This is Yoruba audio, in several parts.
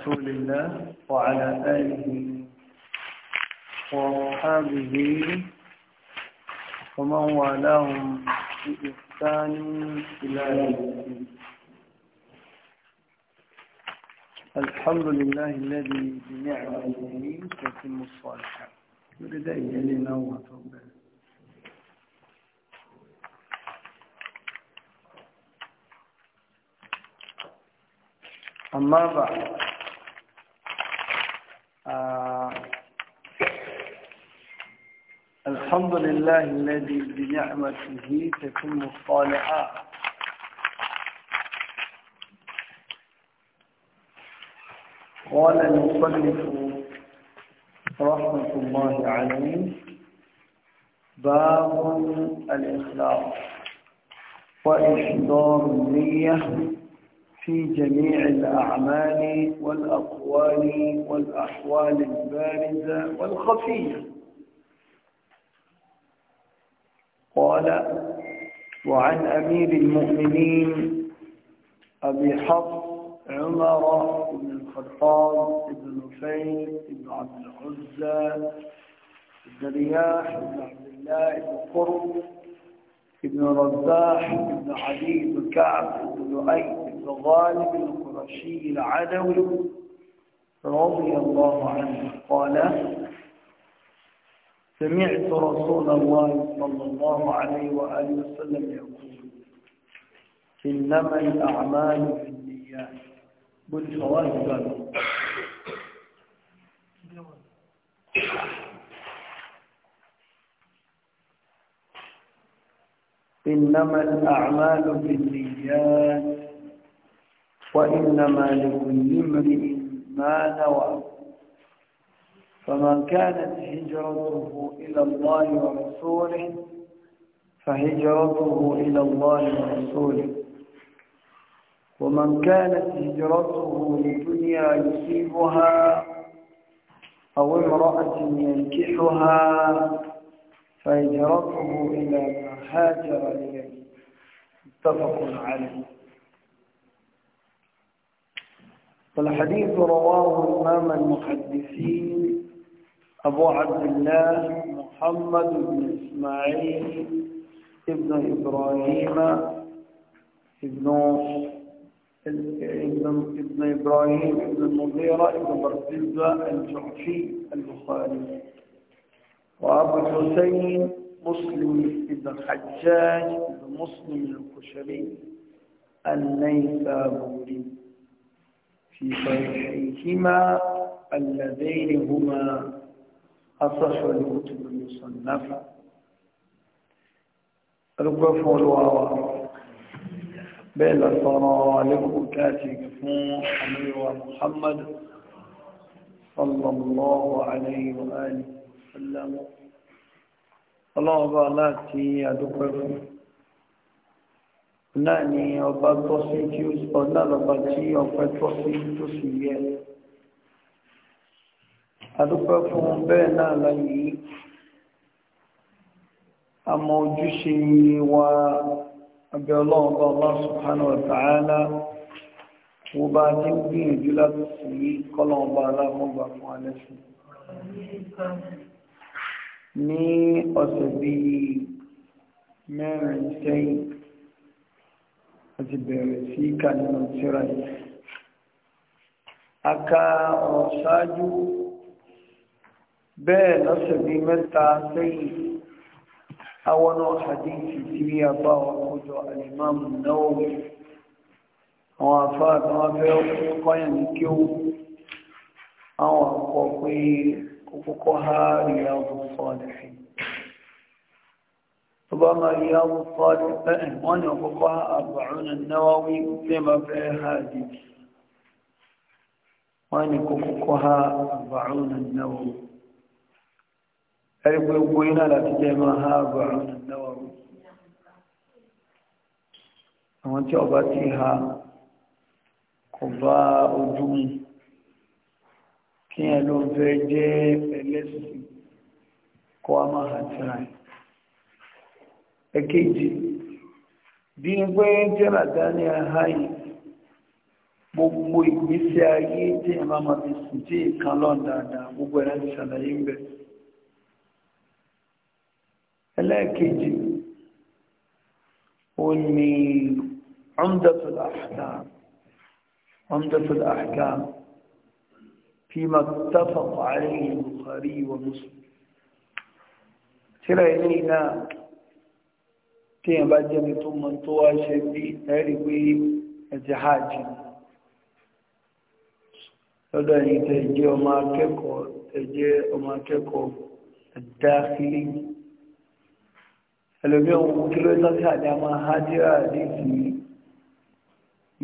رسول الله وعلى آله وصحابه ومن والاهم بإحسان إلى يوم الحمد لله الذي بنعمته تتم الصالحات ولدي لنا وتوبه أما بعد الحمد لله الذي بنعمته تتم الصالحات قال المصنف رحمة الله عليه باب الإخلاص وإحضار النية في جميع الأعمال والأقوال والأحوال البارزة والخفية قال وعن أمير المؤمنين أبي حفص عمر بن الخطاب بن نفيل بن عبد العزى بن رياح بن عبد الله بن قرب بن رباح بن علي بن كعب بن لؤي بن غالب القرشي العدوي رضي الله عنه قال سمعت رسول الله صلى الله عليه وآله وسلم يقول إنما الأعمال في النيات بالفوائد قالوا إنما الأعمال بالنيات وإنما لكل امرئ ما نوى فمن كانت هجرته إلى الله ورسوله فهجرته إلى الله ورسوله ومن كانت هجرته لدنيا يصيبها أو امرأة ينكحها فهجرته إلى ما هاجر إليه متفق عليه والحديث رواه إمام المحدثين أبو عبد الله محمد بن إسماعيل ابن إبراهيم ابن ابن ابن إبراهيم ابن المغيرة ابن برزيزة الجعفي البخاري وأبو الحسين مسلم ابن الحجاج ابن مسلم الكشري النيسابوري في صحيحهما اللذين هما afẹ́fẹ́ olówó tó lè sọ náà ẹgbẹ́ fún olówó wa bẹ́ẹ̀ lọ́sọ̀rọ̀ alẹ́kùn káàkiri fún àmìwà Muhammad sallallahu alayhi wa alihi sallam ọlọ́ọ̀bá láti àdúpẹ́ fún náà ni ọba tọ́sí tí ó sọ náà lọ́ba tí ọpẹ́ tọ́sí tó sì yẹ adúpẹ́ fún bẹ́ẹ̀ náà láyé àmọ́ ojúṣe wa abẹ́ ọlọ́run bá Allah subhanahu wa ta'ala wo bá ti ń gbìyànjú láti sí kọ́lọ́run bá aláàmúgbà fún alẹ́sìn ní ọ̀sẹ̀ bí mẹ́rin sẹ́yìn àti bẹ̀rẹ̀ sí kànínú tíra yìí aka ọ̀ṣáájú bẹ́ẹ̀ lọ́sẹ̀ bíi mẹ́ta sẹ́yìn àwọn hadithi tí a bá wọn kójọ alimamu Nawawi àwọn àfáà tí wọ́n kọ́yàn ní kí ó àwọn àkọ́ pé kókókó ha Riyadu Salihin tó bá máa Riyadu Salihin wọ́n ni ọkọ́kọ́ ha Arba'un nawawi ma fẹ́ hadithi wọ́n ni kókókó ha Arba'un nawawi ẹ̀rí pé gbogbo iná láti jẹ́ máa ha àgbàrún náwàrú àwọn tí ọba ti ha kò bá ojú mu kí ẹ ló ń fẹ́ jẹ́ ẹlẹ́sìn kó a máa hà tíra ẹ̀ ẹ̀kejì bí n pé tíra dání ha gbogbo ìgbésí ayé tí ẹ máa ma fi sùn tí ìkan lọ́n dáadáa gbogbo ẹ̀rọ ti ṣàlàyé ń bẹ̀rẹ̀ الاكيجي واني عمدة في الاحكام عمدة الاحكام فيما اتفق عليه البخاري ومسلم ترى يلينا تيم بجن ثم انطوى شدي تاريخ الجهاج لدينا تجي وما كيكو تجي وما كيكو الداخلي ẹlòmí ohun kí ló tọ́ka ní a máa há jíra àdéhì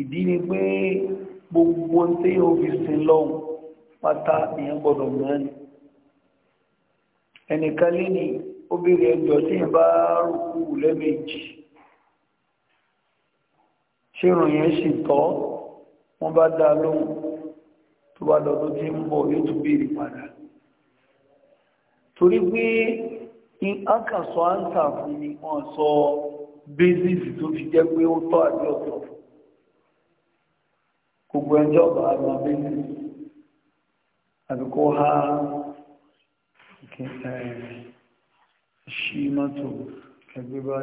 ìdí ni pé gbogbo tí yóò fi sin lọ́hùn pátá ìyẹn gbọ́dọ̀ mẹ́rin ẹnìkan lé ní obìnrin ẹjọ́ tí ń bá rúkú lẹ́ẹ̀mejì ṣé ìrùn yẹn sì tọ́ wọ́n bá dá lóhùn tó bá lọ́dún tí ń bọ̀ yóò tún béèrè padà torí pé in aka sọ áńsà fún mi wọ́n bẹ́sìsì tó fi jẹ́ pé ó tọ́ àbí ọ̀tọ̀ gbogbo ẹjọ́ bá a máa bẹ́sìsì àbí kó ṣí mọ́tò ẹgbẹ́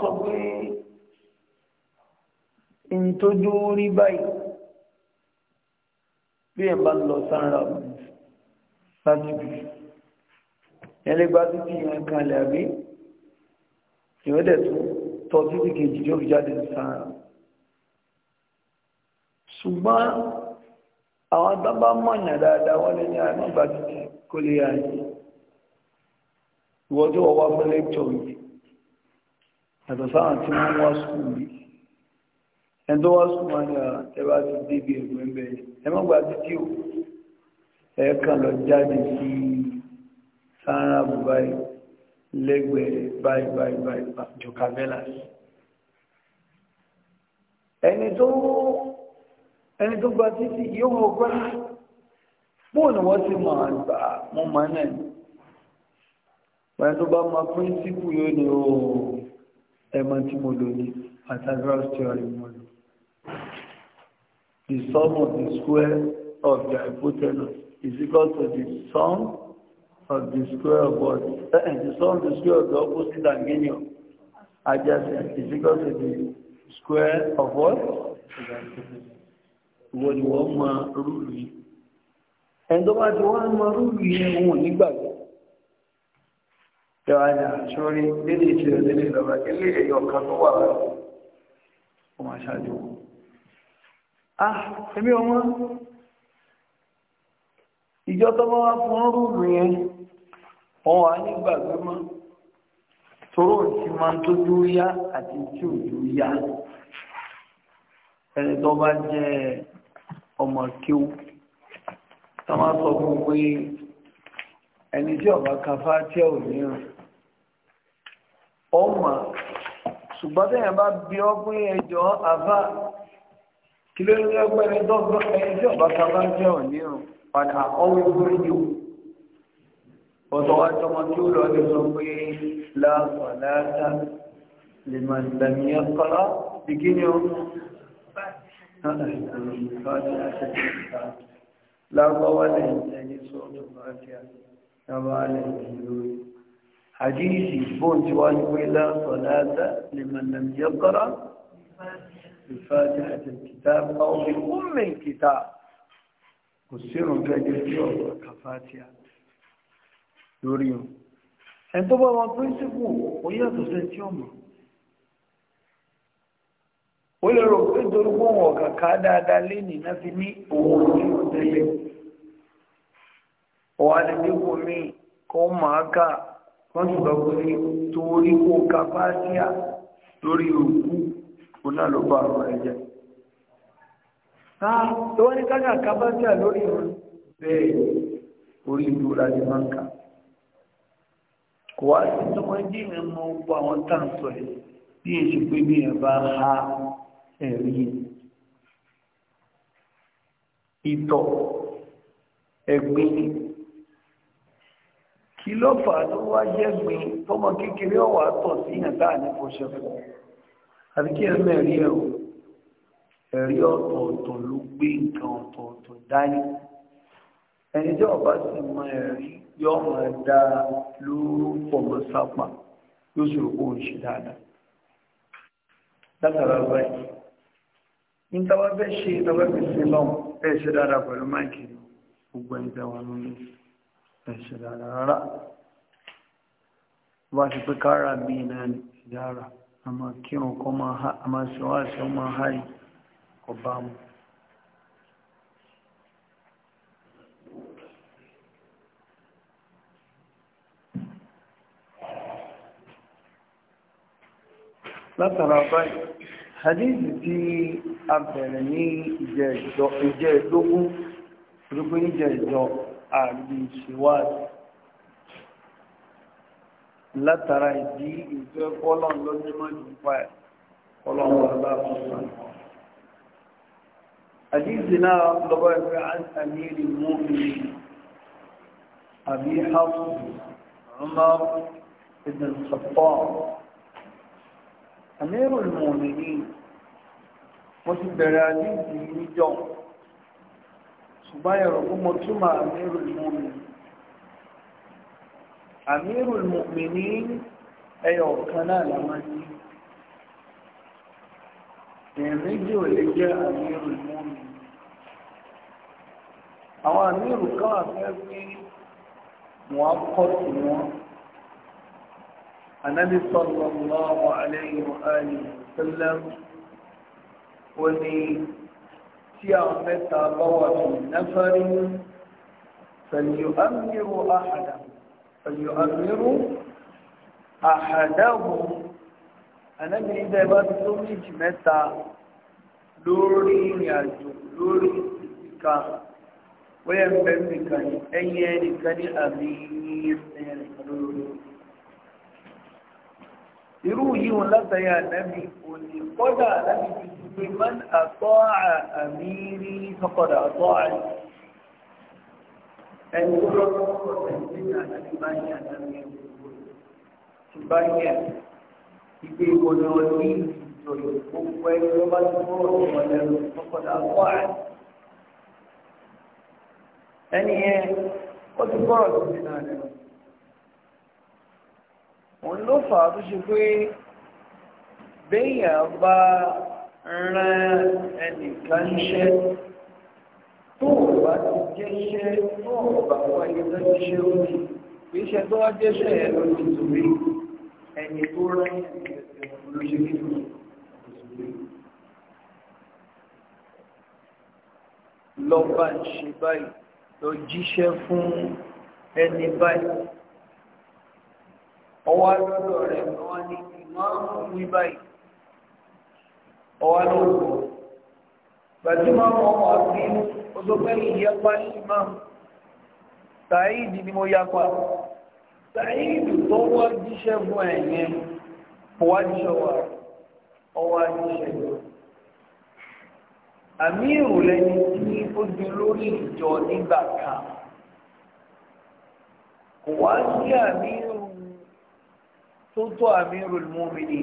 sọ pé tó dúró bí ẹ̀ bá lọ sára láti bí ẹlẹ́gbá títí ìyẹn kanlẹ̀ àbí ìwẹ́dẹ̀ tó tọ́ títí kejì yóò fi jáde sára ṣùgbọ́n àwọn tábà mọ̀nyà dáadáa wọ́n lè ní àmọ́gbà títí kó lè àyè ìwọ́jọ́ wọ́n wá fún lẹ́kítọ̀ yìí yàtọ̀ sáwọn tí wọ́n wá sùkúù yìí ẹ̀dọ́ wá súnmọ́ ní ẹbá ti débi ẹ̀gbọ́ ẹ̀bẹ̀ ẹmọ́gbà tí tí ó ẹ̀ẹ́kà lọ jáde sí sáárà bùbáì lẹ́gbẹ̀ẹ́ báyìí báyìí báyìí jọ̀kà bẹ́là ẹni tó gba títí yóò mọ̀ pẹ́ bóòlù wọ́n ti mọ̀ àgbà mọ́ mọ́ náà pẹ̀lú tó bá mọ̀ píńsípù yóò ní oòrùn oh, ẹ̀mọ́ tí mo lò ní pythagoras theory mo lò The sum of the square of the hypotenuse is equal to the sum of the square of what? Eh, eh, the sum of the square of the opposite angle adjacent is equal to the square of what? Wọ́n ni wọ́n máa rúrù yìí. Ẹni tó bá ti wọ́n máa rúrù yìí wọn nígbàgbọ́. Tẹ́wàá ni àṣọ́rí lélè ìṣẹ̀lẹ̀ lélè ìjọba, ilé ẹ̀yọ̀ kan tó wà láti. Ó máa ṣáájú wọn ah èmi ọmọ ìjọ tọ́mọ́ wá fún rúùrù yẹn wọn wà nígbàgbé mọ́ tóró ti máa tó dúró yá àti tí ò dúró yá ẹni tó bá jẹ́ ọmọ kíw tó máa sọ fún pé ẹni tí ọba kafá tí ò ní rìn ọmọ ṣùgbọ́n tẹ́yìn bá bí ọ pé ẹjọ́ àfáà kí ló ń rí ọgbẹ́ni dọ́gbọ́n ẹni tí ọba ta bá ń jẹ́ òní o padà ọwọ́ orí yìí o ọ̀tọ̀ wa tọmọ tí ó lọ lè sọ pé láàbọ̀ láàdá lè máa ìlànà yẹn kọ́lá ìgí ni ó lágbọ́wọ́ lè ẹni sọ́ọ̀tọ̀ bá jẹ́ àbá lè lórí àdíyìí bóun wá ní pé láàbọ̀ láàdá lè máa ìlànà yẹn بفاتحة الكتاب أو بأم الكتاب قصير فجر يوم كفاتحة يوريون ẹni tó bá wọn píríncípù ó yàtọ̀ sí tí ó mọ̀ ó lè rò pé torí wọn wọ̀ kàkà dáadáa lẹ́nìí náà fi ní òun ní òtẹ́lẹ̀ ọ̀wá lè dínkù mí kó máa kà wọ́n ti gbàgbọ́ ní torí kó kàfáàsíà lórí òkú òun náà ló bá àwọn ẹ̀jẹ̀. Táà tó wọ́n ní kájà kábájà lórí ìrún bẹ́ẹ̀ orí ìlú láti máa ń kà. Kò wá sí tó wọ́n jí ìrìn mọ gbogbo àwọn táǹsọ̀ ẹ̀ bí èsì pé bí ẹ̀ bá ha ẹ̀rí ìtọ̀ ẹ̀gbin kí ló fà tó wá jẹ́gbin tọmọ kékeré ọ̀wà tọ̀ sí ìyàn táà ní kò ṣe àbí kí ẹ mẹ́rin ẹ̀ o ẹ̀rí ọ̀tọ̀ọ̀tọ̀ ló gbé nǹkan ọ̀tọ̀ọ̀tọ̀ dání ẹni tí ọba sì mọ ẹ̀rí yóò máa dá lóró pọ̀ mọ́ sápà yóò sì rò pé òun ṣe dáadáa látara báyìí ní tábà fẹ́ ṣe tábà fi sin lọ́wọ́ ẹ̀ ṣe dáadáa pẹ̀lú máìkì gbogbo ẹni tẹ́wọ́ nínú ẹ̀ ṣe dáadáa rárá wọ́n á ti pé kára mi náà ní ìyára àmà kírun kọ́ àmà ṣọ́wáṣí ọmọ àárí ọba mu látara báyìí hadithi tí a bẹ̀rẹ̀ ní ìjẹ́ ìdógún rúgbìn ìjẹ́ ìjọ àrí ṣíwáṣí látara ìdí ìfẹ́ kọ́lọ́n lọ́jọ́mọ́ ìjọba ẹ̀ kọ́lọ́n wà láàrín sọ́nà àdíjì náà lọ́wọ́ ẹgbẹ́ àmìrì mọ́mìnì àbí hafsu ọmọ ibn sọ́pọ̀ àmìrì mọ́mìnì mo ti bẹ̀rẹ̀ àdíjì níjọ ṣùgbọ́n ẹ̀rọ fún mo túmọ̀ àmìrì mọ́mìnì Amirul Mu'minin ẹyọ kan náà làwọn ní èèyàn méjì ò lè jẹ́ Amirul Mu'minin àwọn àmírù kan wà fẹ́ pé wọ́n kọ́ sí wọn Ànábì sallallahu alayhi wa alihi ó ní tí àwọn mẹ́ta bá wà fún náfàrí pẹ̀lú àmírù àhàdàmù فيؤمر أحدهم Ànábì ní bẹ́ẹ̀ bá ti tó méjì mẹ́ta lórí ìrìn àjò lórí ìsìnká wọ́yẹ̀ ń bẹ́ẹ̀ nìkan ní ẹ̀yìn ẹnìkan ní àmì ẹ̀yìn ẹnìkan lórí. Irú yìí wọn látàrí ànábì òní kọ́dà ànábì tuntun pé man àtọ́ àmì rí kọ́kọ́dà àtọ́ àmì ẹni tó lọ sí ọkọ̀ nàìjíríà láti bá yẹn àtàwọn ìṣòro ti bá yẹn ìgbé ìwọ̀nà ní ìjọyọ̀ gbogbo ẹni tó bá ti kọ́ ọ̀rọ̀ wọn lẹ́nu ọkọ̀dà wà. ẹni yẹn ó ti kọ́ ọ̀rọ̀ tó náà lẹ́nu. òun ló fà á tó ṣe pé béèyàn bá rán ẹnìkan ṣẹ́ tó o bá ti jẹ́ iṣẹ́ tó o bá wáyé lọ́jọ́ iṣẹ́ ó ní iṣẹ́ tó wá jẹ́ iṣẹ́ ẹ̀ ló ti tòrí ẹni tó rán olóṣèlú nínú ìṣòro. lọ bá ń ṣe báyìí lọ jíṣẹ́ fún ẹni báyìí ọwọ́ lọ́dọ̀ rẹ̀ wọ́n ní ìmọ̀ràn wí báyìí ọwọ́ lọ́dọ̀ gbàdúmọ̀ wọn wà bínú sọ pé ìyapa imam Saheed ni mo yapa Saheed tó wá jíṣẹ́ fún ẹ̀yẹn kò wá jíṣẹ́ wa ọwọ́ jíṣẹ́ lọ àmírù lẹni tí ó di lórí ìjọ nígbà kan kò wá sí àmírù tó tó àmírù mọ́mìnì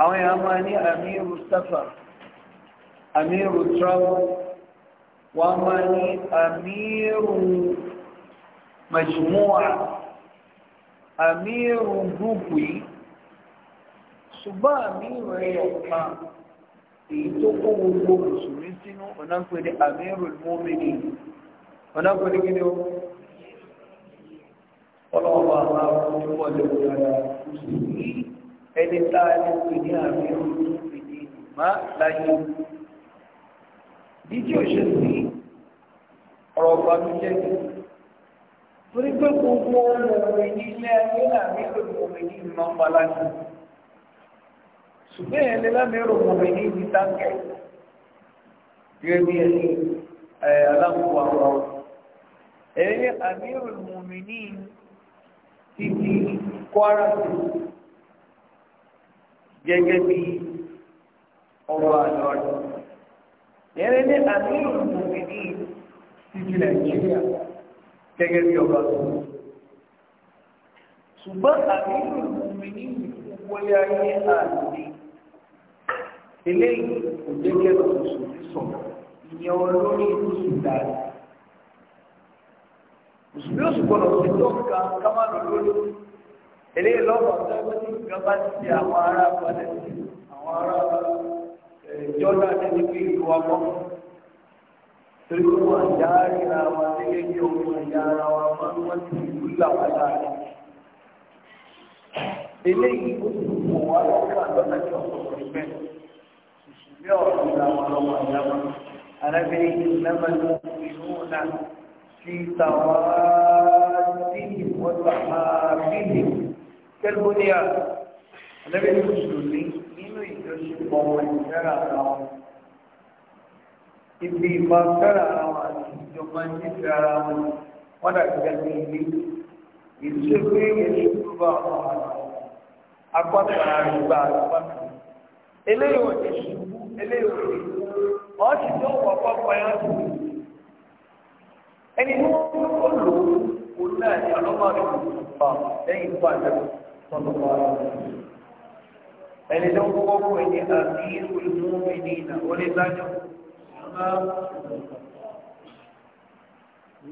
àwọn èèyàn máa ní àmírù sáfà àmírù travel ومن أمير مجموعة أمير جوبي ṣùgbọ́n àmírù ẹ̀yọ̀ kan èyí tó kó gbogbo mùsùlùmí sínú ọ̀nàpẹ̀lẹ̀ àmírù mọ́mìnì ọ̀nàpẹ̀lẹ̀ gíní o ọlọ́ọ̀bà àwọn ọmọ ìlú ẹni tá a pè ní àmírù mọ́mìnì má láyé bí tí ò ṣe sí ọ̀rọ̀ ọ̀gbàmíjẹ́ ni torí pé gbogbo ọmọbìnrin nílé ayé náà nílò ọmọbìnrin ní máa ń pa láti ṣùgbọ́n ẹ̀lẹ́ lámẹ́rọ ọmọbìnrin ní táǹkẹ̀ gẹ́gẹ́ bí ẹni aláǹkó àwọn ẹ̀yẹ àmírù ọmọbìnrin ti di kwara sí gẹ́gẹ́ bí ọba àlọ́ àti yẹn ní àmírù mùmìnì títí nàìjíríà gẹ́gẹ́ bí ọba tó ṣùgbọ́n àmírù mùmìnì wọlé ayé àti eléyìí kò jẹ́ kí ẹ̀rọ tuntun ti sọ ìyẹn olórí ìtúsùn dáadáa òṣùbí òṣùgbọ́n ọ̀sẹ̀ tó ń ka kámánù lórí eléyìí lọ́pàá tó ń gbé ní ìjọba ti àwọn ará balẹ̀ àwọn ará balẹ̀ jọ́dá tẹ́lẹ̀ pé ìlú wa mọ́ torí pé wọ́n àjá ríra wa gẹ́gẹ́ bí ọmọ ìyá ara wa máa ń wọ́n ti ìlú làwọn láàrin. eléyìí ó sì wọ̀ wá lọ́kàn lọ́nà tí ọ̀pọ̀ ìgbẹ́ ìṣẹ̀lẹ̀ ọ̀rọ̀ làwọn ọmọ ìyá wa arábìnrin ìlẹ́mọ̀lú ìlú náà fi tàwáàdìhì wọ́n tàwáàdìhì kẹ́lbóníà arábìnrin mùsùlùmí ìbáṣepọ̀ wọn ìfẹ́ra ara wọn ibi ìfẹ́ra ara wọn àti ìjọba nífẹ̀ẹ́ ara wọn wọn dàbí ẹni ilé ìṣe pé èyí tó bá wọn apáta àgbà àgbà eléyìí ò ní ṣubú eléyìí ò ní wọn ti tó wọ́n pọ́pọ́ tó ẹni tó kọ́ lò ó náà ní ọlọ́mọdé tó pa lẹ́yìn tó àjẹkù tọ́lọ́mọdé ẹni tó kọ́kọ́ pè ní àmírù ìmúmìnira onídájọ́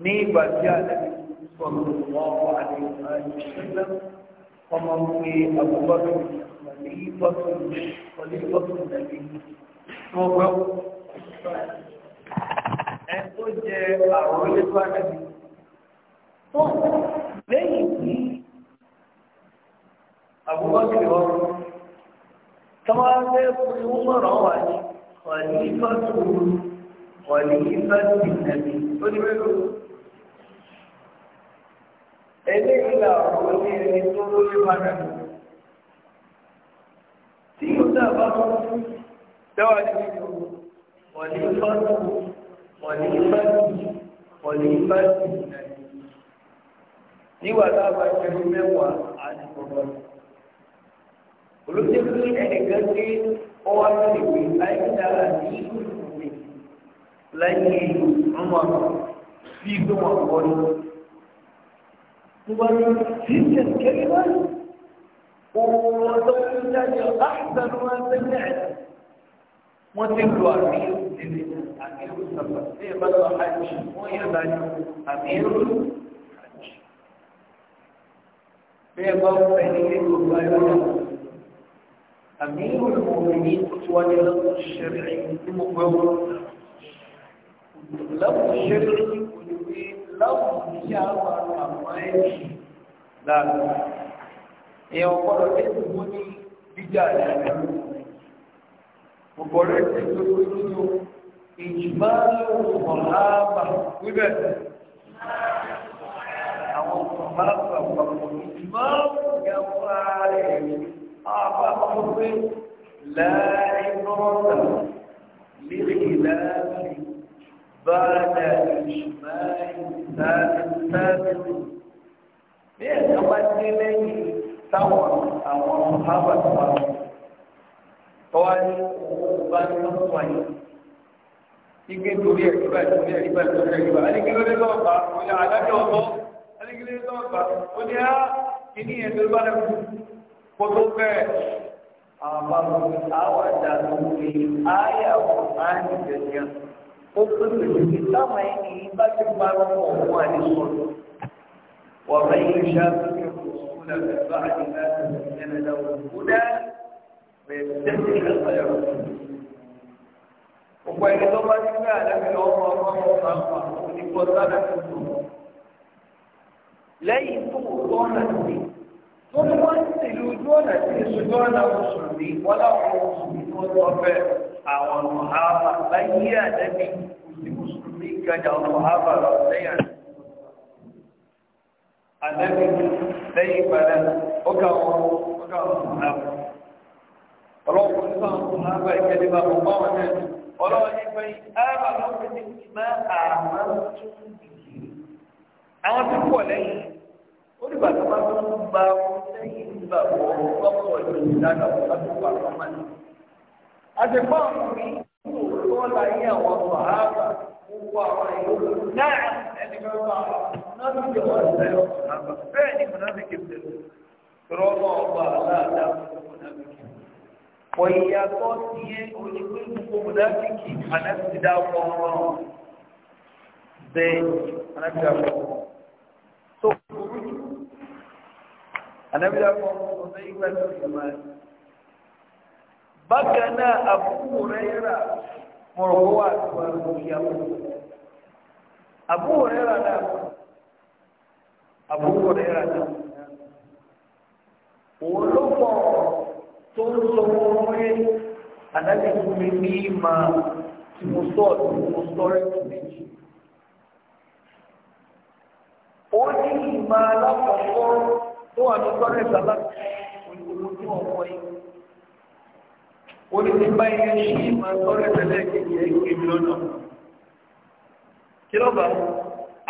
ní ìgbà tí àdàbí sọ̀rọ̀ wọ́n àdéhùn ọmọ wí àbúgbọ́dọ̀ ọ̀lẹ́gbọ́dọ̀ nàbí tó gbọ́ ẹ tó jẹ àwọn olóṣèlú àdàbí tó lẹ́yìn àbúgbọ́dọ̀ ọ̀rọ̀ tọ́wọ́ fẹ́ fún ìwúmọ̀ràn wà ní ọ̀lẹ́fàtò ọ̀lẹ́fàtò ìnàbí ó ní mẹ́lò. eléyìí là ọ̀rọ̀ ní ẹni tó lórí padà tí yóò dábàá tó fún dáwà ní ìlú ọ̀lẹ́fàtò ọ̀lẹ́fàtò ọ̀lẹ́fàtò ìnàbí. níwàá táwọn ẹgbẹ̀rún mẹ́wàá àti kọ̀ọ̀kan olóṣèlú ẹnìkan tí ó wá sí ìwé láyé dára ní ìlú ìwé láyé ìlú ọmọ sí ìlú wọn kọ ní. wọn ní títẹ kẹlẹ wọn òun ọdọ tó jáde ọba àtàlù wọn tẹlẹ wọn ti lu àmì ìdílé àmì ìlú sábà tí ẹ bá lọ àjì wọn yẹ bá ní àmì ìlú àjì. bí ẹ bá ń fẹ́ ní ilé gbogbo ayọ́dọ̀. أمير المؤمنين وأن لفظ الشرع مقوم لفظ الشرع لفظ شاوى الأمائي لا يقول اسمني بجانا وقول اسمني إجمال الصحابة وبس أو الصحابة والإجمال يقول عليهم àbá ọmọ pé láìpọ́ọ̀tà lílìláàbì bá dà ìṣùmáì sáàbì bí ẹ̀ka bá dé lẹ́yìn táwọn àwọn ọ̀hábà tó wà tọ́wá ní òun bá ní wọ́n wáyé ike torí ẹ̀rí bá torí ẹ̀rí bá torí ẹ̀rí bá alikilori lọ́ọ̀bà òní alájọ́ ọ̀bọ alikilori lọ́ọ̀bà òní á kìíní ẹ̀ tó bá lẹ́kùn. kótó bẹ́ẹ̀ àwọn bàbá mi àwọn àdàlù mi ayé àwọn àánì jẹjẹrẹ ó pè pè pé táwọn ẹni yìí bá ti bá wọn pọ̀ fún àdìsọ wà bẹ́ẹ̀ yìí ṣáàbùkẹ́ òṣùwọ̀n àgbẹ̀fà àdìgbà ìjẹ́nẹ̀dá òṣùwọ̀n bẹ̀rẹ̀ tẹ́sí ìlàkọ̀yọ̀ ọ̀pọ̀ ẹni tó bá ti gbé àdàbí ọmọ ọmọ ọmọ àpà òní kọ́ sádà tuntun lẹ́yìn tó kọ́ ọ̀nà sí wọ́n ní wọ́n ti lu ojú ọ̀nà tí ìṣojú ọ̀nà oṣù rí wọ́n láwọn oṣù rí tó lọ bẹ́ àwọn mọ̀hábà láyé àdẹ́bí òsì mùsùlùmí ìkàjà àwọn mọ̀hábà lọ lẹ́yìn àdẹ́bí lẹ́yìn ìpàdé ọgá wọn ọgá wọn mọ̀hábà ọlọ́run ní báwọn mọ̀hábà ìkẹ́lẹ́ bá wọn bá wọn náà ọlọ́run ní pé ábà lọ́pẹ́ ní ìmá àmọ́ tó ń bì àwọn tó pọ̀ lẹ́yìn ó dìgbà tó bá tó ń gba lẹ́yìn ìgbà wọ́n gbọ́pọ̀ ìlú ìdáná láti pa àwọn ọmọ náà. àtẹ̀pọ̀ àwọn mi kò tó láyé àwọn sàhábà gbogbo àwọn ìlú náà ẹni kan bá náà ti jọ wọ́n sẹ́yìn ọ̀sán náà bẹ́ẹ̀ ni kò náà fi kéde tọrọ ọmọ ọba aláàdá fún kò ìyá tó ti yé onígbé gbogbo mùnáfíkì anáfíìdá anábíyá kọ́ ọmọ ìgbà tó fi máa bákan náà àbúrò rẹ̀ yára mọ̀rọ̀ wà wà ìyàwó àbúrò rẹ̀ yára náà àbúrò rẹ̀ yára náà òun ló pọ̀ tó ń sọ fún wọn yẹn anábíyá mi ní ìmọ̀ tí mo sọ tí mo sọ rẹ̀ tó méjì ó ní ìmọ̀ alákọ̀ọ́kọ́ tó wà ní sọ́rẹ́ ìsàlá òyìnbó tí wọ́n kọ́ yìí. ó ní ti bá ilé ṣí máa sọ́rẹ́ tẹ́lẹ̀ kejì ẹ̀ kí mi lọ́nà. kí ló bá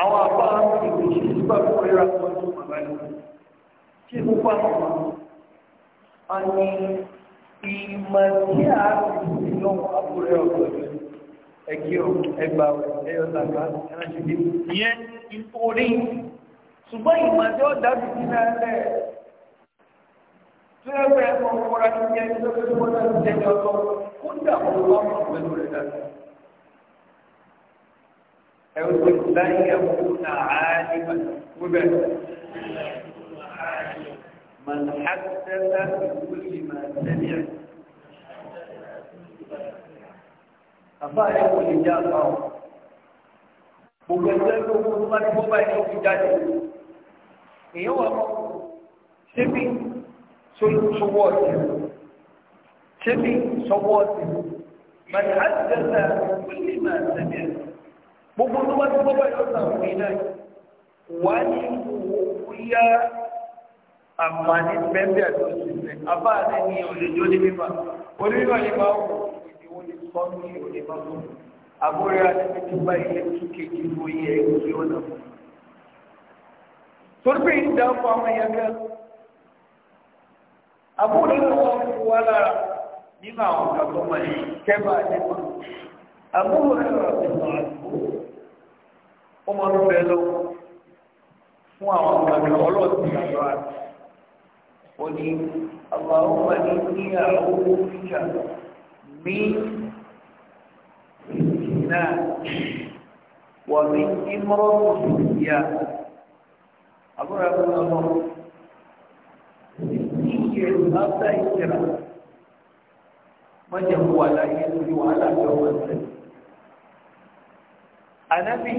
àwọn àbá ìgbè ṣe nígbà tó rí ra pọ̀ tó màmá lọ. kí ló pa àwọn a ní ìmọ̀ tí a ti lọ́wọ́ àbúrẹ́ ọ̀gbọ̀n ẹgbẹ́ ẹgbàá ẹyọ tàbí ẹran ṣe bí ìyẹn orí ṣùgbọ́n ìmọ̀ tí ó dábì sí náà lẹ̀ tí ó fẹ́ kọ́ fúnra ní jẹ́ ní lókè tó bọ́lá ní jẹ́ ní ọjọ́ kó ń dà wọ́n wọ́n mọ̀ pẹ̀lú rẹ̀ dájú. ẹ̀rù tó ti láyé ẹ̀kú loke to jẹ́ je ni ojo ko n da won mọ̀ mo ní gbígbẹ́. من حدث بكل tẹ̀lé ẹ̀. àbá kò lè jẹ́ àgbà ọ̀ gbogbo ẹgbẹ́ ló ń bá ti bọ́ báyìí ló fi jáde èèyàn wà mọ́ ṣébí sọwọ́ ọ̀tẹ̀ ṣébí sọwọ́ ọ̀tẹ̀ màtí àtìgbẹ́sà wílì máa tẹ̀lé gbogbo tó bá ti gbọ́ bá yọ̀ọ́ sàn fún iná wà ní owó yá àǹfààní bẹ́ẹ̀ àti òṣìṣẹ́ abáàlẹ́ ni òlejò ní mímọ́ onímọ̀ yìí máa wù ìdíwọ́ ní sọ́ọ̀nù ìròyìn máa wù àbúrò àti títí ilé tún kejì fún iye ẹ̀kú tí ó fún un torí pé ìdá ọkọ̀ àwọn èèyàn kan àbúrò náà wọ́n fún wa lára nínú àwọn kan tó mọ̀ yìí kẹ́bà nípa àbúrò náà wọ́n fún wa ó máa ń bẹ lọ fún àwọn kan ọlọ́ọ̀tì àlọ́ àti òní àbáwọ́mọ̀ ní ní àwọn òkúta mí náà wà mí ìmọ̀ràn òṣìṣẹ́ àbúrò ẹ̀kọ́ náà lọ ìṣe lábẹ́ ìṣẹ̀ra wọ́n jẹ́ kó wà láyé lórí wàhálà tó wọ́n ṣe. ànábì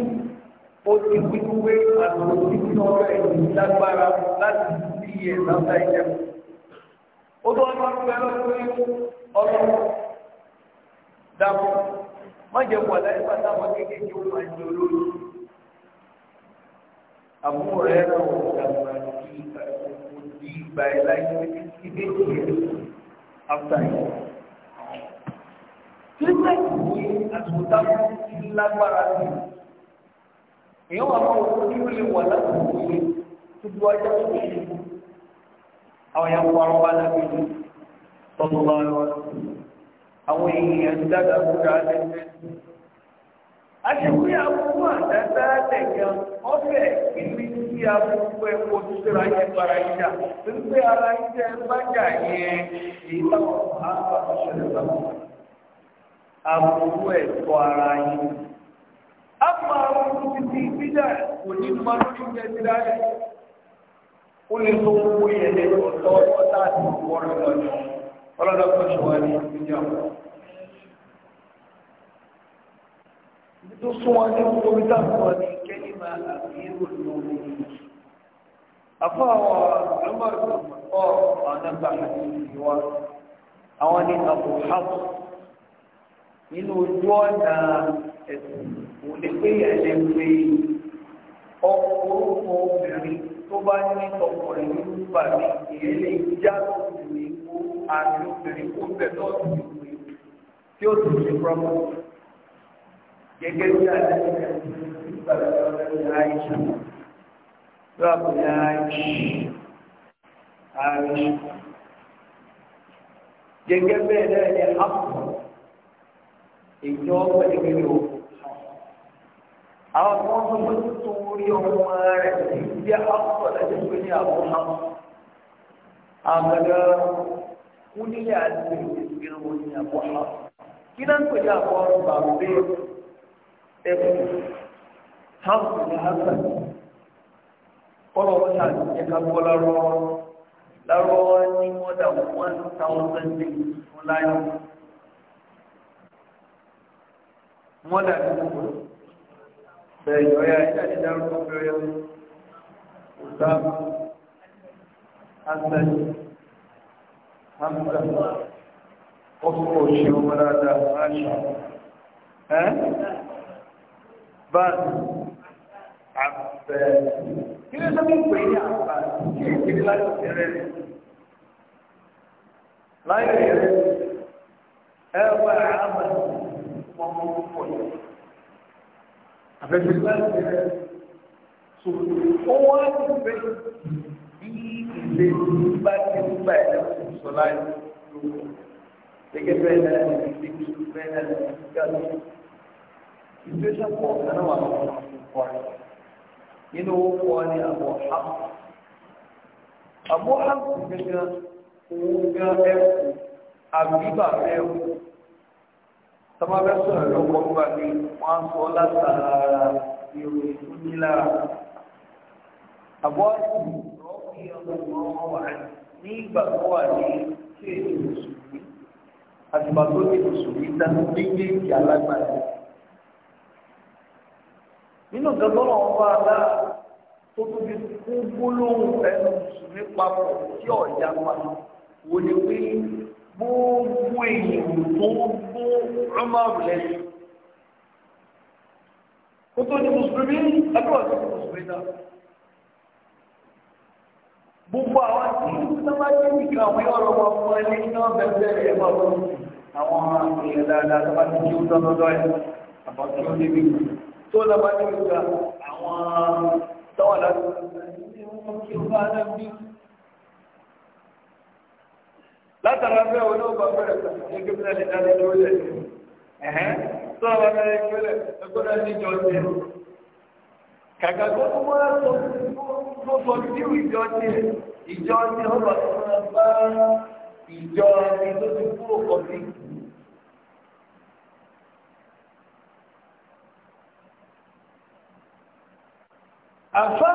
ó ti wíwé àwọn òṣìṣẹ́ ọ̀rọ̀ ẹ̀yìn lágbára láti sí iye lábẹ́ ìṣẹ̀ra. ó tó wọn lọ́dún pẹ́ lọ́dún ọlọ́run dáhùn wọ́n jẹ́ kó wà láyé pátá wọn kékeré ó máa ń jẹ olórí àbúrò rẹ náà wò dàgbà sí òdi ìgbà ẹ láyé ibi ìdíyẹ after yìí. Tírísẹ̀ yìí àtúntà ti lágbára sí i. Èyí wà máa wọ ní ó lè wà lásìkò yìí tóbi wájú tó ṣe Àwọn yẹn wọ àwọn bàlá mi ní tọ́lọ́lọ́ àwọn èèyàn dáadáa kúrò á lẹ́sẹ̀ àṣepé aburú àdáńdá lẹ̀gàn ọ̀fẹ́ ìlú tí aburú ẹ̀ kó tó ra yẹn para yín dà wípé ara yín jẹ́ bájà yẹn èyí táwọn àbá ṣẹlẹ̀ báwọn aburú ẹ̀ tọ́ ara yín. a máa ń mú títí bídà kò ní máa lórí yẹn ti rà ó lè tó owó yẹn lẹ́yìn ọ̀tọ̀ ọ̀tá àti ìwọ́rọ̀ lọ́jọ́ ọlọ́dọ̀ kan ṣọwọ́ ní ìpínlẹ̀ tó sún wọn ní omi táwọn ní kẹ́lí máa àbí ìròyìn omi àfọ àwọn ọmọdé kọ ọ̀nà gbà àti ìwà àwọn ní àbùhámù nínú ojú ọ̀nà ẹ̀sìn òun ni pé ẹ̀lẹ́ pé ọkùnrin obìnrin tó bá ní ọkùnrin nínú bàbí ìyẹn lè já lóbìnrin kó àti obìnrin kó bẹ̀ lọ́ọ̀tún ìwé tí ó sì ṣe pọ́nmọ́tò gẹ́gẹ́ bí àdéhùn ìgbàlẹ̀ ọ̀rẹ́ àìsàn lọ́pọ̀ ní àìsàn gẹ́gẹ́ bẹ́ẹ̀ náà ní àpò ìjọ pẹ̀lú o àwọn kan tó mọ̀ tó rí ọmọ rẹ̀ bí àpò láti pé ní àwọn àpò àgbàdo kúnílẹ̀ àti ìgbìmọ̀ ní àpò àpò kí náà ń pè ní àpò àpò bàbá bẹ́ẹ̀. ẹ̀kú hàmù ní hasan kọ́lọ̀ wọ́n ṣáà ká gbọ́ lárọ́ lárọ́ ní wọ́n dà one fún láyọ̀ wọ́n ní gbogbo bẹ́ẹ̀ yọ̀ọ́yà ẹ̀yà ní dárúkọ bẹ́ẹ̀ ọ̀sán hasan hamza ọkọ̀ òṣèlú mọ́ra dáa ẹ́ Abbas Abbas kí ló sábà ń pè bẹ́ẹ̀ náà ní ìdílé bẹ́ẹ̀ náà ìgbésẹ̀ pọ̀ nínú àwọn ọmọ rẹ̀ nínú owó wọn ni àbọ̀ hàmù àbọ̀ hàmù gẹ́gẹ́ owó gán ẹ̀kú àbíbà ẹ̀kú sábà bẹ́ẹ̀ sọ̀rọ̀ lọ́kọ̀ nígbà tí wọ́n sọ látara ìròyìn tó ní lára àbọ̀ hàmù rọ́ọ̀kì ọmọ ọmọ wà ní ìgbà tó wà ní kéèké mùsùlùmí àtìgbà tó ní mùsùlùmí dá méjèèjì alágbàdì nínú nǹkan tó lọ́wọ́ bá a lá tó tún fi kú gbólóhùn ẹnu mùsùlùmí papọ̀ tí ọ̀ya wa wò ni pé gbogbo èèyàn tó gbó ọmọọ̀rù lẹ́yìn. kó tó di mùsùlùmí ẹgbẹ́ ọ̀sẹ̀ tó mùsùlùmí náà. gbogbo àwọn tí wọ́n bá dé nìkan àwọn ọ̀rọ̀ wọn fún ẹni náà bẹ̀rẹ̀ ẹ̀ máa wọ́n àwọn èèyàn dáadáa tó bá ti di ó ẹ̀ àbọ̀tí ó débi kù tó lọ́ba ní ìgbà àwọn tọ́wọ̀ láti wọ́n kí wọ́n bá náà bí. látara bẹ́ẹ̀ wọn náà bá bẹ̀rẹ̀ pẹ̀lú ẹgbẹ́ bíi ẹni dání lórí ẹ̀ ẹ̀hẹ́n tó lọ́ba náà ẹgbẹ́ rẹ̀ ẹgbẹ́ náà níjọ tiẹ̀. kàkà tó tó wọ́n sọ tó sọ díù ìjọ tiẹ̀ ìjọ tiẹ̀ ó lọ sí wọn bá ìjọ ẹni tó ti kúrò kọ́ sí. àfá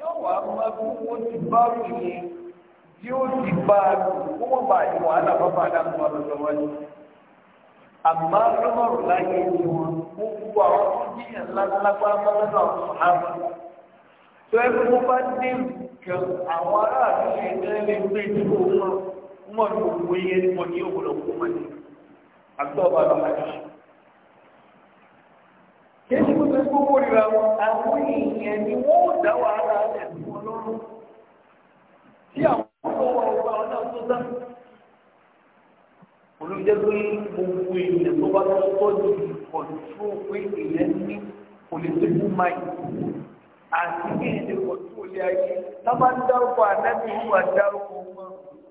yóò wà máa kú wọ́n ti bá rú yẹn tí ó ti bá a lò kó wọ́n bá ní wàhálà bàbá àdàmú wa lọ́jọ́ wájú. àmọ́ lọ́mọ̀rún láyé ni wọn ó gbọ́ àwọn tó jíyàn lálágbá mọ́lọ́dọ̀ àmọ́. tó ẹgbẹ́ tó bá dé kẹ àwọn aráàlú yẹn gẹ́gẹ́ lè gbé tí kò mọ̀ ní òkú yẹn mọ̀ ní òkú lọ́kùnrin àti ọba lọ́mọdé kéjì kó tó gbogbo ríra wọn àwọn èèyàn ni wọ́n ò dá wàhálà rẹ̀ sí wọn lọ́rùn tí àwọn ọmọ ọgbà wọn náà tó dá olùjẹ́ pé gbogbo èèyàn tó bá tó tọ́jú kọ̀tún pé èèyàn ní political mind àti èdè kọ̀tún olè ayé tábà ń dárúkọ ànábì ìlú àdárúkọ wọn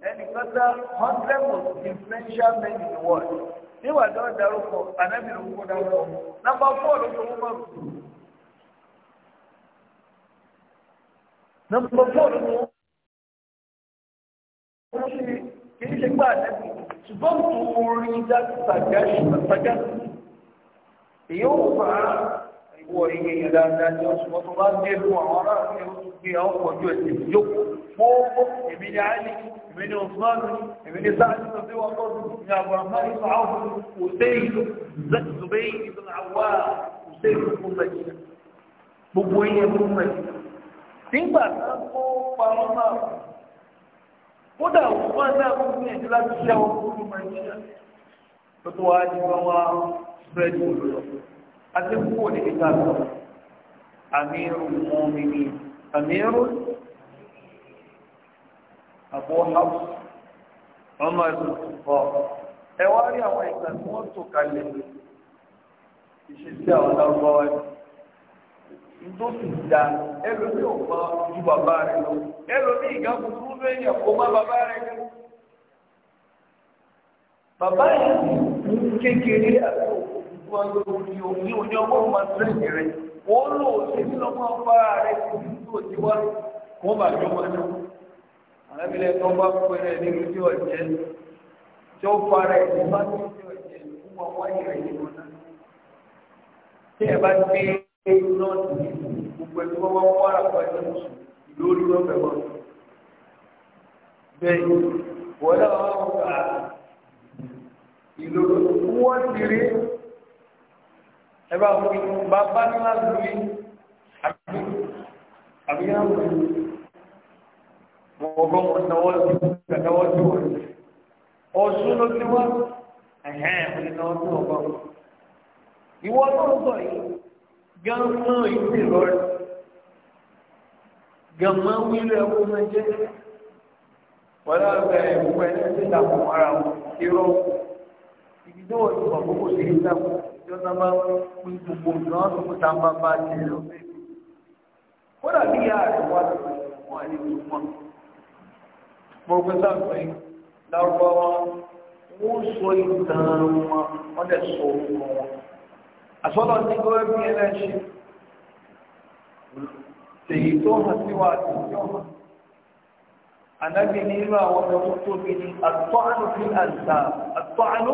ẹnìkan dá hundred most influential men in the world níwà tó ń darúkọ ànábì ló ń kó darúkọ nàmbà fọ́ọ̀lù ló ń mọ̀ nàmbà fọ́ọ̀lù ló ń mọ̀ kí ní ṣe gbà ànábì ṣùgbọ́n tó ń rí dájú pàjáṣì pàjáṣì èyí á. o iye yẹn dáadáa ní oṣù mọ́tò bá gbé fún àwọn ará ní oṣù gbé àwọn ọkọ̀ ojú ẹ̀sìn yókù fọ́ọ̀kọ́ èmi ni àìní èmi ni osmanu èmi ni sáàtì tó bí o kọ́ é àbúrámá ní sàáfù òṣèyí zùbẹ́ o àwọ̀ o fún mẹ́jì gbogbo iye fún mẹ́jì nígbà tó kó parọ́ náà kódà òṣùpá náà kó fún ẹ̀jẹ̀ láti ṣe àwọn fún mẹ́jì tó tó wá ní wọn wá fẹ́ẹ́ أتبقوا لكتابه أمير المؤمنين أمير أبو حفص عمر الخطاب ẹwàárí àwọn ìgbà tí wọ́n tò kalẹ̀ ìṣesí àwọn lárúbáwá yìí tó sì dá ẹlòmí ò mọ ju bàbá rẹ lọ ẹlòmí ìgbà kúkúrú lẹ́yìn ẹ̀kọ́ má bàbá rẹ ní. bàbá yìí kékeré àti wọ́n ló fi òní òní ọgbọ́n máa tẹ̀lé rẹ̀ wọ́n lò ó ṣe nínú ọgbọ́n fara rẹ̀ títí tó ti wá wọ́n bá jọ wọn náà. àrẹ́bílẹ̀ tó bá pẹ̀lẹ́ nínú tí ò jẹ́ tí ó fara ẹ̀ tó bá tó tí ò jẹ́ fún wọn wáyé rẹ̀ nínú náà. tí ẹ bá gbé ewu náà ti gbogbo ẹni wọ́n wá wọ́n ara pẹ̀lú ìlú wọn bẹ́ẹ̀ wọ́n náà wọ́n wọ́n ẹ̀bá òkè bàbá ńlá lórí àbíyáwó ọgbọ́n ọ̀nàwọ́ ìgbàdáwọ́ tó wà ọ̀ṣun ló ti wá ẹ̀hẹ́n ìnáwó tó ọgbọ́n ìwọ náà bọ̀ yìí gánmọ́ ìpè lọ́rẹ́ gánmọ́ wílẹ̀ ẹ̀kọ́ máa jẹ́ wọ́n lábẹ́ ẹ̀kọ́ ẹ̀kọ́ ẹ̀kọ́ ara wọn irọ́ ìdíjọ́ ìgbà gbogbo ṣe é dáhùn tí wọ́n sábà ń pín gbogbo náà tó kó tá a bá bá jẹ lọ sí. kódà bí ìyá rẹ̀ wá sí wọn ní ìtumọ̀. mo gbé sáfẹ́ lárúbáwá wọ́n sọ ìtàn wọn wọ́n dẹ̀ sọ orúkọ wọn. àsọ̀lọ́ ti gbọ́ ẹbí ẹlẹ́ṣin tèyí tó hàn sí wa àti ìjọba anabi nínú àwọn ọmọ tó tóbi ní àtọ́ànù fi àzà àtọ́ànù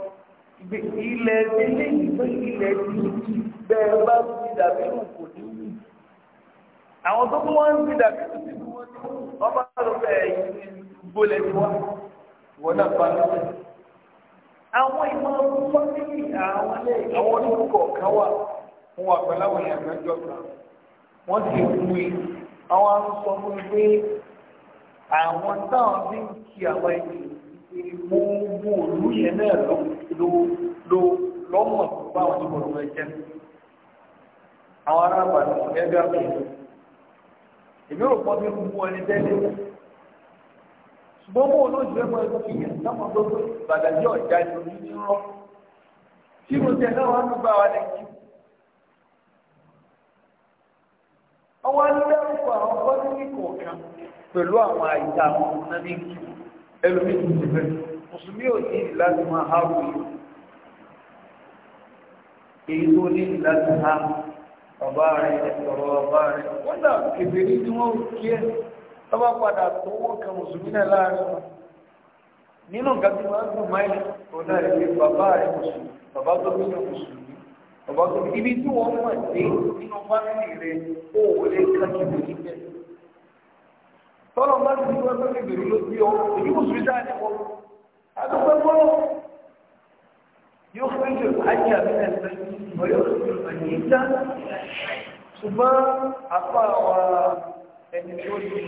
ilẹ̀ ti léyìí pé ilẹ̀ ti bẹ́ẹ̀ bá ti dàbí òun kò ní wù. àwọn tó kún wọn ń fi dàbí òun sí wọn ní ọba tó fẹ́ gbolẹ̀ tí wọ́n wọ́n náà pa lọ́sẹ̀. àwọn ìmọ̀ fọ́nìlì àwọn ilé àwọn olùkọ́ kan wà fún wa pẹ̀lú àwọn kan wọ́n ti wú i àwọn arúgbó fún mi pé àwọn táwọn fi ń kí àwọn ènìyàn mo wo òlú yẹn náà lọ lọ lọ lọ́mọ̀ tó bá wọn níbo lọ́wọ́ ẹ̀jẹ̀ àwọn ará àgbàdo ẹgbẹ́ àgbẹ̀ èmi ò pọ́n mi mú ẹni tẹ́lẹ̀ ṣùgbọ́n mo olóòjì ẹ̀mọ́ ẹ̀kọ́ ìyẹn sáwọn tó tó ìbàdàjẹ́ ọ̀já ìlú ní rọ́ tí mo tẹ̀ náà wọn gbà wá lẹ́yìn ọwọ́ alẹ́ dárúkọ àwọn bọ́ọ̀lù kọ̀ọ̀kan pẹ̀lú àwọn àìsàn àwọn ọ̀nà ní kíkù ẹlòmí ti ti bẹ mùsùlùmí ò ní láti máa há wù yìí èyí tó ní láti há bàbá rẹ sọ̀rọ̀ bàbá rẹ wọn dà kébèrè tí wọn ò kí ẹ lọ́wọ́ padà tó wọ́n kan mùsùlùmí náà láàrin wọn nínú nǹkan tí wọ́n á dùn máyì òun náà bàbá rẹ̀ mùsùlùmí bàbá tó bí yàn mùsùlùmí bàbá tó bí ibi tí wọ́n mọ̀ dé nínú fámìlì rẹ̀ ó wọlé kákìbèrè bẹ́ẹ̀ tọ́lọ̀ bá ti wọ́n tó lè bèrè ló bí ọ èyí mùsùlùmí dáa ní wọn àdúgbò bọ́lọ̀ yóò fún ìjọ àjẹ àbí ẹ̀sẹ̀ ìmọ̀ yóò fún ìjọ àjẹ ìjà ṣùgbọ́n apá àwa ẹni tó di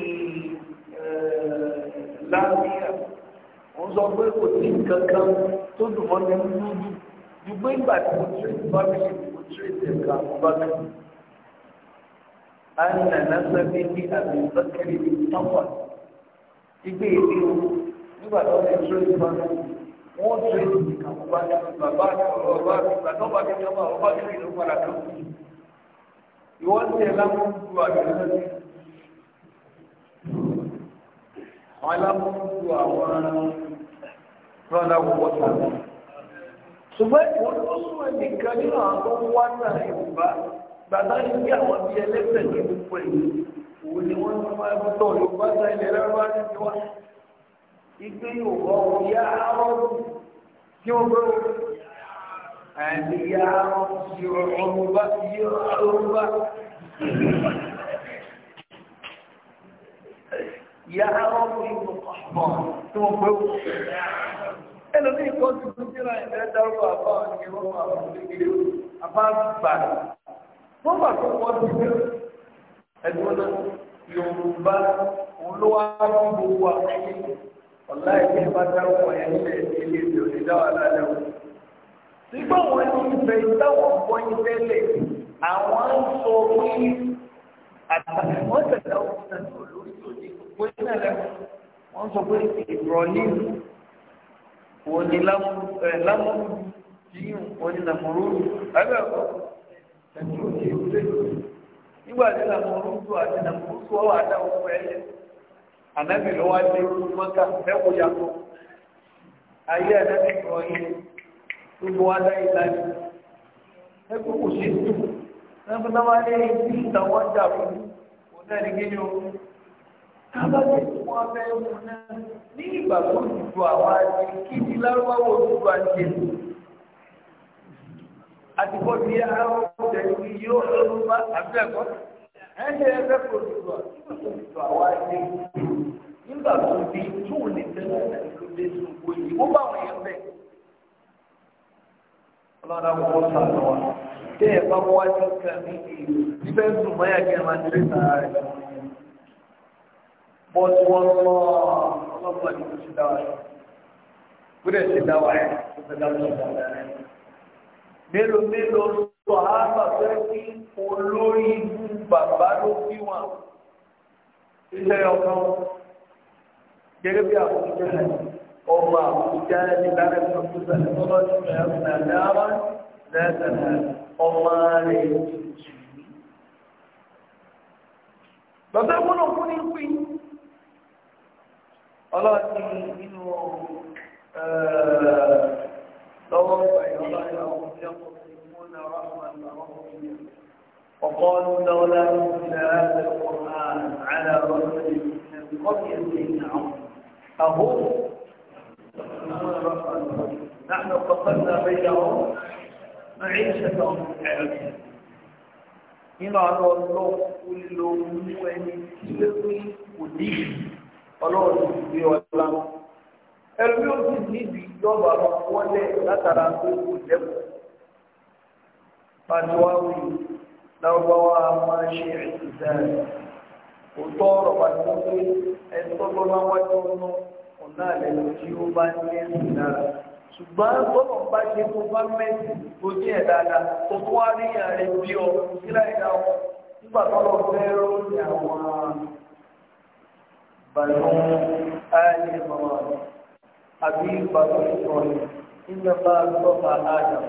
láàbíà wọ́n sọ pé kò sí nǹkan kan tó dùn mọ́ ní lúdú ju pé ìgbà tí mo tún ìgbà mo tún ìtẹ̀ka mo bá kàn أن نسبي بأبي بكر بالطبع Igbe ìdí o, nígbà tó lè tó ìfà, wọ́n tó ìdí kàwọn bá ní bàbá àti ọ̀rọ̀ bá nígbà tó bá ní ọmọ ọ̀rọ̀ bá ní ìlú padà tó kù. Ìwọ́n ti ẹ̀ lámú ju àgbẹ̀rẹ̀ lọ́sí. Àwọn alámú ju àwọn rọ́dà wọ́pọ̀ sàmì. Ṣùgbọ́n ìwọ́n tó sún ẹnìkan nínú àwọn tó bàbá yìí bí àwọn bíi ẹlẹ́sẹ̀ ní gbogbo ẹ̀yìn òun ni wọ́n ti máa ń tọ̀ ló bá ilẹ̀ lọ́wọ́ ní tiwa igbe yòówọ́ òun yá ọ́rọ́ tí ó gbé o àti yá ọ́rọ́ tí ọ̀run bá ti yé ọ̀run bá. Ìyá arọ́pù ìlú ọ̀pọ̀ tí wọ́n pé ó. Ẹlòmíì kan ti dúdú síra ìfẹ́ dárúkọ àbá òní ìwọ́n àbá òní àbá àbá. wọ́n gbà tó wọ́n ti gbé ẹ̀dùn náà yorùbá olówó àwọn gbogbo àkẹ́kẹ́ ọ̀la ẹ̀jẹ̀ bá dáwọ́ ẹ̀ nílẹ̀ ilé ìlú ìdáwọ́ alálẹ́ wọn. sígbà wọn ní ìfẹ́ ìtawọ̀ bọ́yìn tẹ́lẹ̀ àwọn ń sọ pé àtàwọn tẹ̀lé àwọn ìtàn olórí tó ní gbogbo ìtàn sọ pé ìrọ̀lẹ́ òní lámúrú yíyún òní làmúrú ẹgbẹ́ tàbí òkè òkè nígbà tí làwọn olùdó àti làwọn oṣù ọwọ́ àdáwọ fún ẹyẹ ànábì lọ́wọ́ adé olú mọkà mẹwò yàtọ̀ ayé ànábì kọ yìí gbogbo adáyé láyé ẹgbẹ kò ṣe tó ẹgbẹ náà wà lé ní ìtàwọn ọjà fún òun náà ní kíni o kábà tí wọn abẹ ẹmu náà ní ìgbà tó dùdú àwọn àti kíni lárúbáwò dùdú àti ètò àti kó di àwọn ọ̀sẹ̀ ní yóò lọ́rùn bá àbí ẹ̀kọ́. ẹ̀ ń ṣe ẹgbẹ́ kò dùdù àtúntò àwa ṣe nígbà tó di tóun lè tẹ́lẹ̀ ló dé sí òkú yìí wọ́n bá wọn yẹn bẹ̀. ọlọ́dà wọ́n sà lọ wa tẹ́ ẹ bá wọ́n wájú kan ní ìlú níbẹ̀ ń dùn mọ́yà kí ẹ máa tẹ́lẹ̀ sára rẹ̀ bọ́ọ̀tù wọn lọ ọlọ́pàá ní kò sí dáwà rẹ̀ kúrẹ́ sí dáwà rẹ̀ kó fẹ́ dáwà rẹ̀ mélòó mélòó sọ àbà fẹ́ kí olórí ibú bàbá ló bí wọn iṣẹ́ ọkàn gẹ́gẹ́ bí àbújá ọmọ àbújá ní lára ẹ̀sọ́ tó sàlẹ̀ tọ́lọ́ ní ẹ̀rọ nàdáwà lẹ́sẹ̀lẹ̀ ọmọ rẹ̀ jìjì. bàbá gbọ́dọ̀ fún ní pín ọlọ́ọ̀tì nínú ẹ̀ẹ́ وقالوا لولا نزل هذا القرآن على رجل من قرية عظيم أهو نحن قتلنا بينهم معيشتهم في الحياة nínú àwọn ọlọ́run olùlò mú ẹni tí ó ní òdì ọlọ́run ti gbé ọlá wọn ẹlòmí ò sì ní ìdí yọba wọlé látara pé kò jẹ́kù pàtiwáwì lárúbáwá máa ṣe ìsìnsáàlì òótọ́ ọ̀rọ̀ pàtiwọ́ pé ẹ̀tọ́ tó máa wájú ọ̀nà ọ̀nà àlẹ́lò tí ó bá ní ẹ̀sìn lára ṣùgbọ́n tọ́lọ̀ bá ṣe tó bá mẹ́sì tó jẹ́ ẹ̀dáadáa tó tó wá rí ààrẹ bí ọ sílẹ̀ ìdáwọ́ nígbà tọ́lọ̀ fẹ́ àbí bàbá ìsọ̀rọ̀ iná bá gbọ́fà Adam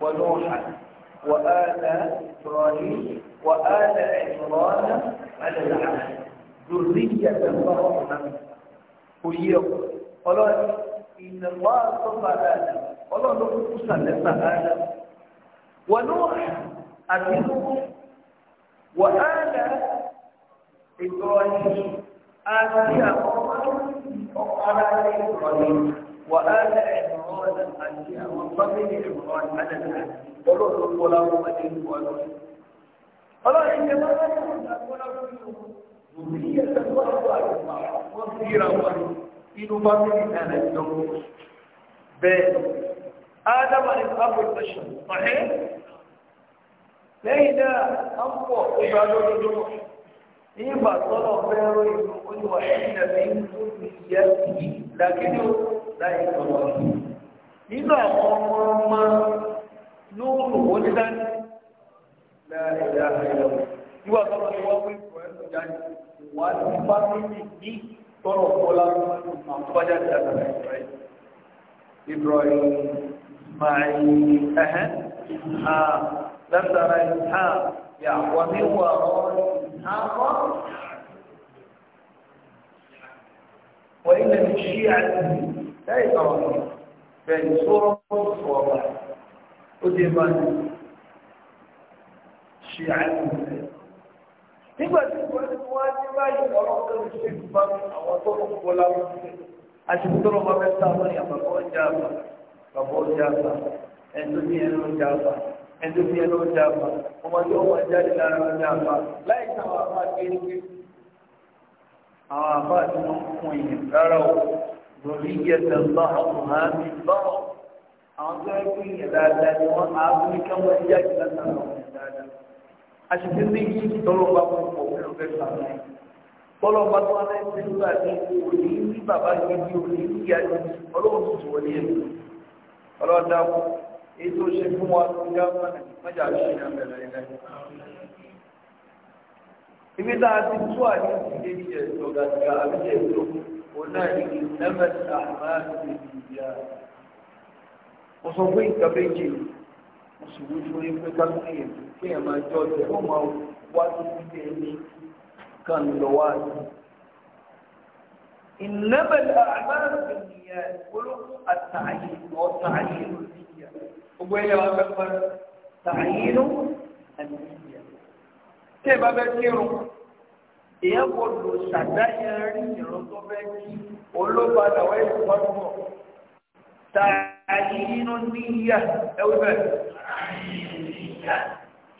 wà lóhà wà áàlà ìsọ̀rọ̀lì wà áàlà ìsọ̀rọ̀lá àlẹ́lá lórí ìyàtọ̀ lọ́wọ́ náà kò yẹ ọ ọlọ́run iná bá gbọ́fà Adam ọlọ́run ló kú sàlẹ́sà Adam wà lóhà àbí lóhà wà áàlà ìsọ̀rọ̀lì àti àwọn. وقال عليه إبراهيم وآل عمران الحجية وقبل عمران على الناس ورد قلوب مدين وأنوش قال إنما لا يكون أقول ذرية الله وصيرا في فضل كان اليوم بيت آدم الأب البشر صحيح؟ ليه ده أبو عباده nígbà tọ́lọ̀ fẹ́rọ ìlú oníwà ẹ̀ẹ́dẹ̀bí tó fi yẹ sí lákínú láì sọ̀rọ̀ sí. nínú àwọn ọmọ ọmọ lóòrù onídàájú láì dá ẹ̀rọ nígbà tọ́lọ̀ ni wọ́n pè fún ẹ̀sùn jáde wà á ti bá méjì ní tọ́lọ̀ kọ́lá àtúbájá ti àgbà ìbúrẹ́ Ibrahim Ismail آخر وإن من شيعته لا إبراهيم بل صورة صورة قدم شيعته nígbà tí wọ́n ti wá ní báyìí ọ̀rọ̀ tó ń bá àwọn tó ń kó láwọn ṣe àṣìkò tó lọ́wọ́ mẹ́ta wọ́n ní ọjà àbà bàbọ̀ ọjà àbà ẹ̀ńtọ́ ní ẹ̀rọ ọjà àbà ẹjọ́ bí ẹlọ́wọ́ jẹ́ àbá ọmọ tí ó wọ́n jáde lára wọn jẹ́ àbá láì sáwọn àbá kéèké àwọn àbá tí wọ́n fún ìyẹn rárá o lórí yẹtẹ bá ọmọ hàn mí bọ́ọ̀ àwọn tó ń fún ìyẹn dáadáa ni wọ́n á fún kí wọ́n jáde látara wọn dáadáa àṣìṣe méjì tọ́lọ́ba fún ọ̀pọ̀ mẹ́rin fẹ́ sàmì tọ́lọ́ba tó wà láì sí nígbà tí òní ní bàbá gidi òní ní ìyá gidi ọlọ́run tuntun wọlé ẹ̀ ọlọ́dà kù ètò ṣe fún wa ìjà mọ́nà mọ́jà ṣe ìrìnàmẹ̀ láìláì. ibi tá a ti tú àdé ìdílé ní ẹ̀sọ́ gàdìgà àbíjẹ̀ tó kò náà ní kí lẹ́mẹ̀tà máa ń ṣe ìyá. mo sọ pé nǹkan méje mo sì wú sí orí pé kákùnrin yẹn kéèyàn máa jọ ọ̀tẹ̀ ó máa wá sí ilé ẹni kan lọ wá sí. ìnámẹ̀lá àmàlùmíyàn olókùn àtàyè ọ̀tàyè gbogbo ẹ̀yà wọn fẹ́ fẹ́ tààyínú àníyàn. tẹ́ ẹ bá fẹ́ kírun èèyàn kò lò ṣàdáyà rí ìrún tó fẹ́ kí olóba àtàwọn ẹ̀sìn wọn bọ̀. tààyínú níyà ẹ̀wọ́n bẹ́ẹ̀.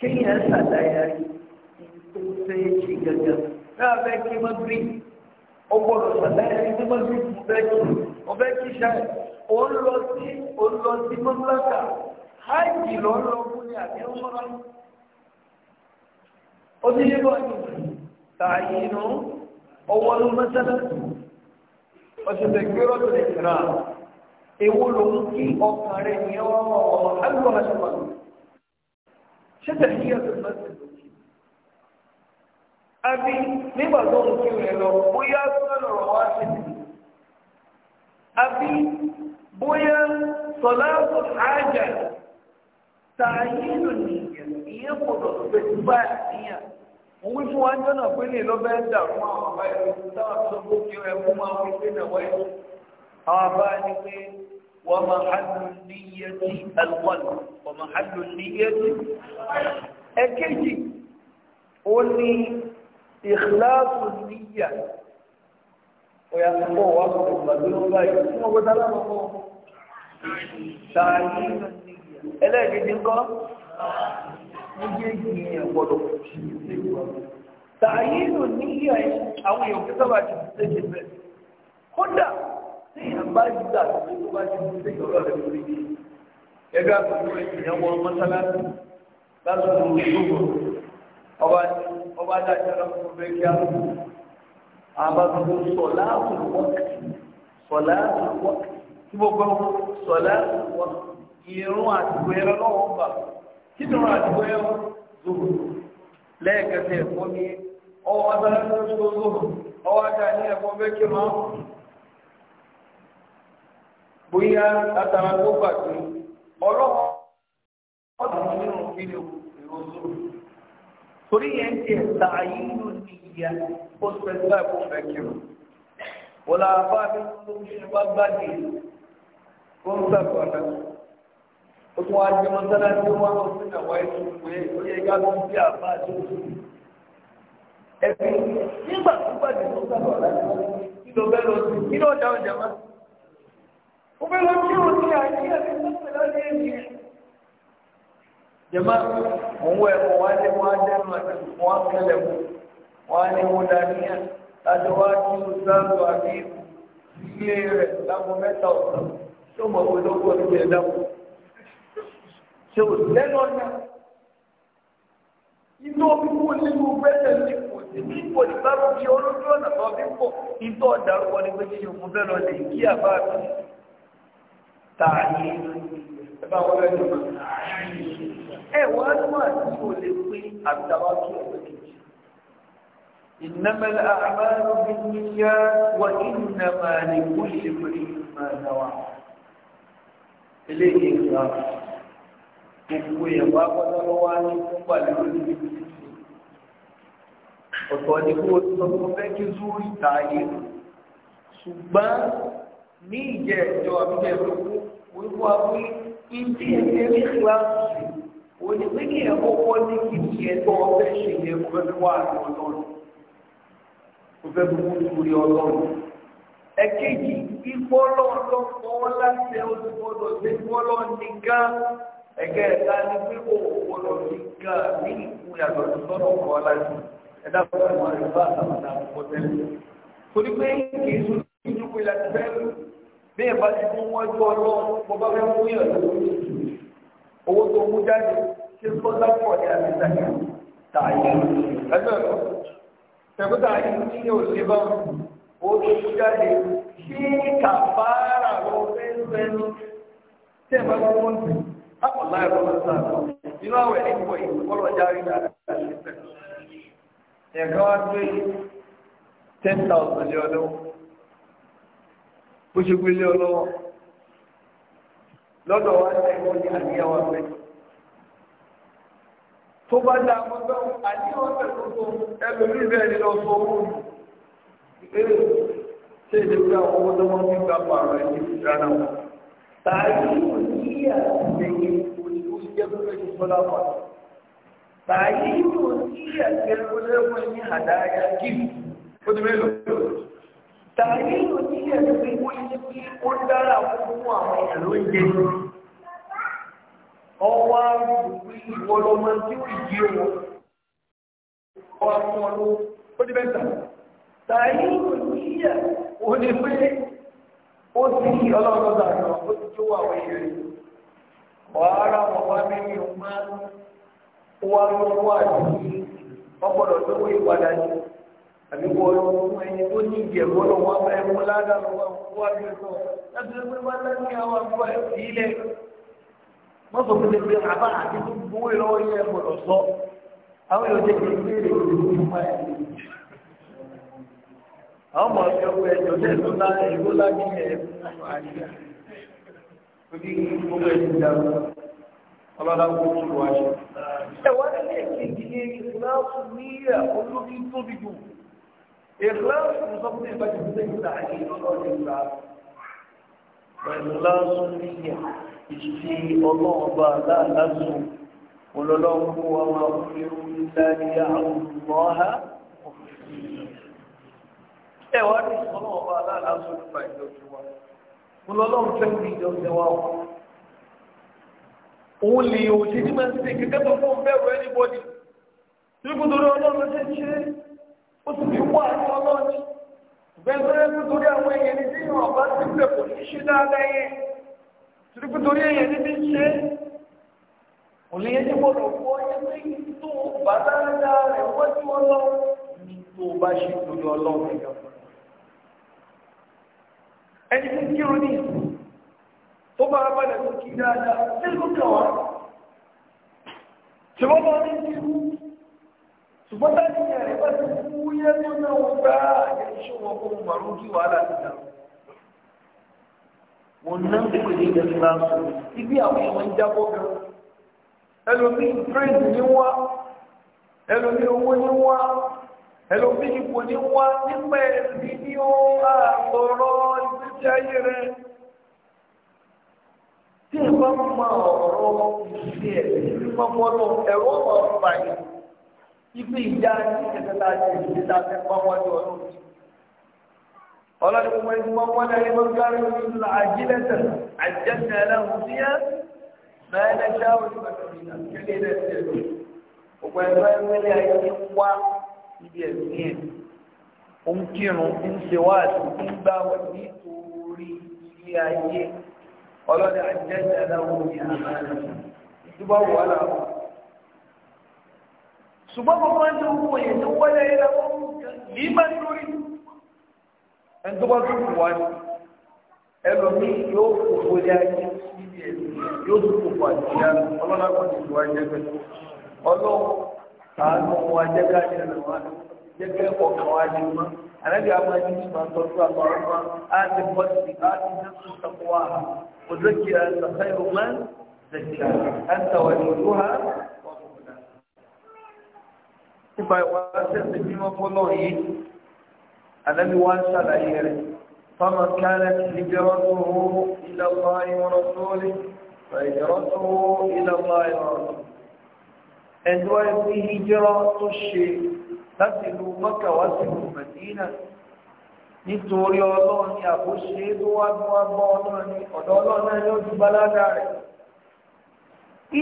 kéèyàn ṣàdáyà rí tó fẹ́ kí gẹ́gẹ́. náà fẹ́ kí wọ́n gbé ó gbọ́dọ̀ ṣàdáyà rí tó fẹ́ kí wọ́n fẹ́ kí ṣáà. ó ń lọ sí ó ń lọ sí mọ́tò hajj ló ń lọ fún ní àbí ọmọlá ó ti yé bọ́ ní tààyè inú ọwọ́ ló mọ́sálásí ọ̀sẹ̀sẹ̀ gbérò tó lè tẹ̀ra ewu ló ń kí ọkàn rẹ̀ ní ọmọ ọmọ alùpùpù aṣọ wọn ṣé tẹ̀lé yẹ tó lọ sí àbí nígbà tó ń kí rẹ̀ lọ bóyá sọ̀rọ̀ wá sí àbí bóyá sọ̀lá sọ̀rọ̀ àjà تعيين النية هي قدرة بإتباع النية òun fún wa jọ́nà pé lè lọ bẹ́ẹ̀ dà fún àwọn àbá ẹ̀rọ táwọn tó bó kí ẹkún máa wí pé náà wáyé àwọn àbá ni pé wọ́n máa hàlù níyẹ sí alùpàlù wọ́n máa hàlù níyẹ sí. ẹ̀kejì ó ní ìhlásù níyà ọ̀yà púpọ̀ wà pọ̀ pàdé wọn báyìí fún ọgbọ́n tá a lọ́wọ́ sáàyè náà. ẹlẹ́ẹ̀kejì ńkọ́ méjèèjì yẹn gbọ́dọ̀ tààyínù níyà ẹ àwọn èèyàn kí sábà ti ṣe ṣe bẹ́ẹ̀ kódà tí ìyàmbá yìí dà tó tó bá ti ṣe ìyọ̀rọ̀ rẹ̀ lórí yìí ẹgbẹ́ àkókò ìyẹn wọn mọ́sálásí lásìkò ìṣòwò ọba ọba dájọ́ lọ́kùnrin bẹ́ẹ̀ kí á lò àbábọ̀ sọ̀lá àtúwọ́kì sọ̀lá àtúwọ́kì tí mo gbọ́ sọ̀lá àtúwọ́kì irun àtìkò ẹ̀rọ lọ́wọ́ bà kí ni irun àtìkò ẹ̀rọ zòwò lẹ́ẹ̀kẹsẹ̀ ẹ̀kọ́ ni ọwọ́ adára tó ṣe zòwò ọwọ́ ajá ní ẹ̀kọ́ bẹ́ẹ̀kì máa ń bóyá látara tó gbàgbé ọlọ́wọ́ ọdún nínú kíni èrò zòwò torí yẹn ti ẹ̀ta ayélu ní ìyá ó sẹ́ńtà ẹ̀kọ́ bẹ́ẹ̀kì rẹ̀ wọ́n làbá mi tó ń ṣe wá gbàgbé kó ń sàkọ̀ọ́nà ó tún wá jẹ mọ́sálásí ó wọ́n lọ sí ìnáwó ẹ̀sùn pé ó yẹ ká tó ń bí àbá tó ń sùn. ẹ̀fí nígbà tó gbàdé tó sábà láti kí ló fẹ́ lọ sí kí ló dá ọjà má. ó fẹ́ lọ sí òní àti ẹ̀fí tó fẹ́ lọ sí èyí. jẹ̀má òun ẹ̀kọ́ wá lé wọ́n á dẹ́nu àti wọ́n á kẹlẹ̀ wọ́n wọ́n á ní wọ́n dání láti wá kí ló sáàtò àbí ilé rẹ̀ lágbo mẹ́ta ọ̀sán tó mọ̀ pé ló kọ́ ṣe ò lẹ́nu ọ̀nà inú wíwú nínú bẹ́ẹ̀ ní kò sí bí kò ní bá fi olójú ọ̀nà tó fi pọ̀ ìtọ́ ọ̀dàrúkọ ní pé ṣe òun bẹ́ẹ̀ lọ lè kí àbá mi ta ní ẹ bá wọlé ní ọ̀nà ẹ wá ní wà tí o lè pé àtàwọn tó ọ̀gbẹ́ kejì إنما الأعمال بالنيات وإنما لكل امرئ ما نوى إليه الإخلاص gbogbo èèyàn wá gbọ́dọ̀ lọ wá ní púpà lórí níbi ọ̀tọ̀ ni kó o sọ fún fẹ́ kí zúrí tààyè ṣùgbọ́n ní ìjẹ ìjọ àbíjẹ ìlú wíwú abúlé ìdí ẹgbẹ́ ní kíláàsì ò ní pé kí ẹ kọ́kọ́ ní kí ni ẹgbẹ́ ọfẹ́ ṣe yẹ kó fẹ́ wà ní ọlọ́run kó fẹ́ fi mú zúrí ọlọ́run ẹ̀kejì ìfọlọ́ọ̀lọ́ fọwọ́ láti ẹ̀ ó ti ṣe fọlọ́ nìkan ẹ̀kẹ́ ẹ̀ta ní pé kò wọ́lọ́ sí ká ní ìkú yàtọ̀ sí sọ́nà ọkọ̀ aláìsí ẹ̀dá fún àwọn àríwá àtàwọn àkọ́kọ́ tẹ́lẹ̀. torí pé kì í sún ní pé láti fẹ́ lù bí ẹ̀ bá ti fún wọn jọ ọlọ́run mo bá fẹ́ fún yàn lówó owó tó mú jáde ṣé sọ́dá pọ̀ ní àti ìtàkì tààyè ẹgbẹ́ rẹ̀ tẹ̀kútà yìí ní òṣèlú bá owó tó mú jáde ṣé kàfárà lọ fẹ́ fẹ́ lọ tẹ̀ bá fún wọn tẹ̀ àpọ̀lá ẹ̀rọ lọ́sà nínú àwọn ẹ̀rí pọ̀ yìí kọ́lọ̀ járí dáadáa ṣe fẹ́. ẹ̀ka wá gbé ten thousand lé ọlọ́wọ́ bó ṣe gbé lé ọlọ́wọ́ lọ́dọ̀ wá ṣe wọ́n ní àníyàwó abẹ́. tó bá dá àwọn ọgbẹ́ àníyàwó abẹ́ tuntun ẹlòmíì bẹ́ẹ̀ ni lọ sọ Tairia da lokacin Solomon. Tairia da lokacin hadaya gift. Kudu melo. Tairia da lokacin ó dára fún àwọn èèyàn ló ń jẹ. Ọwọ́ àrùn ìwọlọmọ tí ó yí wọn. Ọwọ́ àrùn ọlọ́wọ́. Ó ti bẹ́ẹ̀ tà. Tairia ò onde foi ó sì kí ọlọ́run dànù ó ti tó àwọn èèyàn yìí wàhálà wọn wá mẹ́rin òun máa wá lọ́wọ́ wá sí ọgbọ́dọ̀ lówó ìpadà yìí àbí wọ́n lọ fún ẹni tó ní lọ wọ́n láti àwọn ilẹ̀ wọ́n sọ fún àwọn ọmọ ọjọ́ pé ẹjọ́ lẹ́nu lára ìlú lájú ẹ̀ fún àyíká orí gbogbo ẹ̀sìn dáa ọlọ́dà gbogbo olùwà ṣe. ẹ̀wá nílé kejì ní ìkìláàsù ní olórí tóbi jù ìkìláàsù sọ pé ìbájú pé ìgbà àyè lọ́dọ̀ ìgbà ìkìláàsù ní ìṣe ọlọ́ọ̀bà láàlásù olólọ́wọ́ wa máa ń fi orí láyé àwọn ọmọ ọ̀há ẹ wá ní ìsọlọ ọba aláàlá sórí fa ìjọ tó wa mo lọ lọ́run fẹ́ fi ìjọ tẹ wá o òun lè yòó ṣe ní máa ń ṣe kẹkẹ tó fún bẹ̀rù ẹnibọdì nígbà tó rí Ọlọ́run ṣe ń ṣe ó sì fi wá àti Ọlọ́run ní bẹ́ẹ̀ tó torí àwọn èèyàn ní bí wọn bá ti bẹ kò ní ṣe dáadáa yẹn torí torí èèyàn ní bí ṣe kò lè yẹn ní gbọ́dọ̀ fọ ẹni tó ní tó bá ṣe lórí Ọlọ́run ẹni tó kírun ní ó máa padà tó kí dáadáa lẹ́nu kàn wá tí wọ́n máa ní kírun ṣùgbọ́n láti yẹn rẹ̀ bá ti kú yẹ́ tó náà wọ́n gbá àyẹ̀lẹ́ iṣẹ́ wọn kó mo màrún kí wàhálà ti dà mo ná ń pè ní ìjọba náà sọ ibi àwọn èèyàn ń jábọ́ gan ẹlòmíì praise ní wá ẹlòmíì owó ní wá ẹlòmíì ipò ní wá nípa ẹ̀sìn ní ó àtọ̀rọ̀ jáyé rẹ̀ tí ẹ bá ma ọ̀rọ̀ ìṣe ẹ̀ ní mọ́mọ́nù ẹ̀rọ ọ̀rọ̀ báyìí ibi ìjà ní ìṣẹ̀tẹ̀tà ṣe ìṣẹ̀tà ṣe pamọ́jú ọdún yìí. ọlọ́dún mọ́ ẹni mọ́mọ́nù ẹni mọ́ gárí ní ìlú àjílẹ̀tẹ̀ àjẹsẹ̀ ẹlẹ́hùn sí ẹ́ bẹ́ẹ̀ ní ṣáà ó ti bàtà ìlà kéde rẹ̀ ṣe lò. òpò ẹ̀rọ ẹ̀mẹ́lẹ̀ ayé ń wá ibi ẹ̀sìn ẹ̀ ó ń kírun ń ṣe wáàsí ń gbá wẹ̀ ní ìtò sí ayé ọlọ́dẹ àjẹsẹ̀ aláwọ̀ ní àmàlà ìdúbọ̀ wà láwọ̀. ṣùgbọ́n gbogbo ẹni tó wọ yẹn tó wọlé yẹn lọ́wọ́ yìí máa ń lórí ẹni tó bá tó wù wá ní ẹlòmí yóò fòfò dé ayé síbi ẹ̀mí yóò tó fòfò àdìyá ọlọ́dẹ àkọ́ni ìlú ajẹ́gbẹ́ ọlọ́wọ́ àánú wọn ajẹ́gbẹ́ àjẹ́gbẹ́ jẹ́gbẹ́ ọ̀kan wa ni mọ́ àlejò àwọn ẹni tí ṣe tọ́jú àwọn ọmọ àti bọ́sì àti nẹ́sùn tọ́kọ́ wa òdòkì àtàkà ìrùmọ́ zẹ̀kìlá àtàwọn ìlú ha nípa ìwà sẹ́sẹ̀ bí wọ́n fọ́lọ́ yìí àlejò wa ń ṣàlàyé rẹ̀ fọ́mọ kálẹ̀ ìjọ́rọ́tò ilẹ̀ ọ̀pá ìwọ̀rọ̀tò rẹ̀ فهجرته إلى الله ṣe. أدوى في هجرة الشيء láti mọ́kà wá sí mọ̀dínà nítorí ọlọ́run ni àbóṣe tó wá bí wá bọ́ ọlọ́run ni ọ̀dọ̀ ọlọ́run náà yóò ju balaga rẹ̀.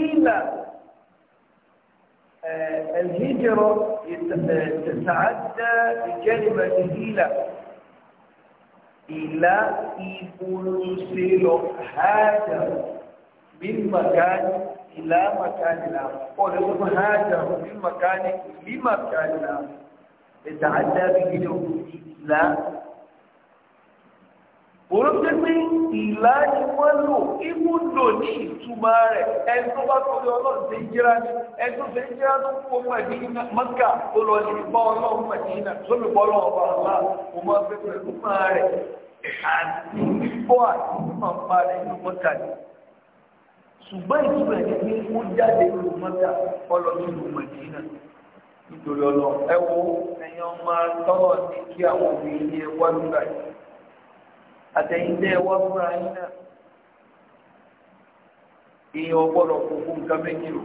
ìlà الهجرة تتعدى بكلمة إلى إلى إبن سيلو هاجر من مكان ìlà màkánìlà ọ̀rẹ́ tó fún hájà ní màkánì ní màkánìlà ẹ̀dà àjábí gídé ìlà. Òrò pé pé ìlà ni wọ́n lò ibùdó ní ìtumá rẹ̀ ẹni tó bá tó lé ọlọ́run ṣe ń jíra ní ẹni tó ṣe ń jíra tó kú ọmọ ẹ̀dí iná mọ́kà ó lọ ní ìbá ọlọ́run ẹ̀dí iná tó lè bọ́ ọlọ́run ọba ọ̀la mo máa fẹ́ pẹ̀lú máa rẹ̀ àti bíbọ́ àti mímọ̀ pa rẹ̀ ní mọ́kà ni ṣùgbọ́n ìtumọ̀ ẹni pé ó jáde ìlú mọ́tà ọlọ́dún ìlú mọ̀dínà nítorí ọlọ ẹ wo ẹ̀yin ọmọ tọ́lọ̀ ní kí àwọn obìnrin ní ẹwà lúgbà yìí àtẹ̀yìn tẹ́ ẹwà fúnra yín náà èèyàn ọgbọ́dọ̀ kó fún nǹkan méjì o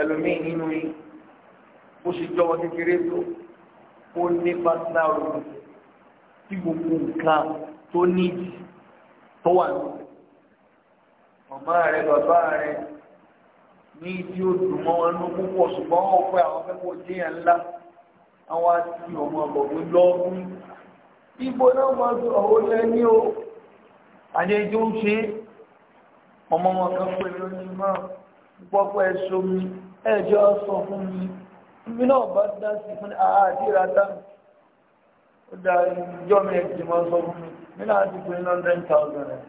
ẹlòmíì nínú yìí ó ṣe jọmọ kékeré tó ó ní pásítà rò tí gbogbo nǹkan tó níjì tó wà nínú. màmá rẹ bàbá rẹ ní tí ó dùn mọ́ wọn ní púpọ̀ ṣùgbọ́n wọ́n àwọn akẹ́kọ̀ọ́ jíyàn ńlá àwọn àti ọmọ ọ̀gbọ̀gbọ̀ lọ́ọ́kùn ibo náà máa o àdéjọ́ ń ṣe ọmọ wọn kan máa mi sọ fún mi fún ó dá mi máa sọ fún mi nínú àti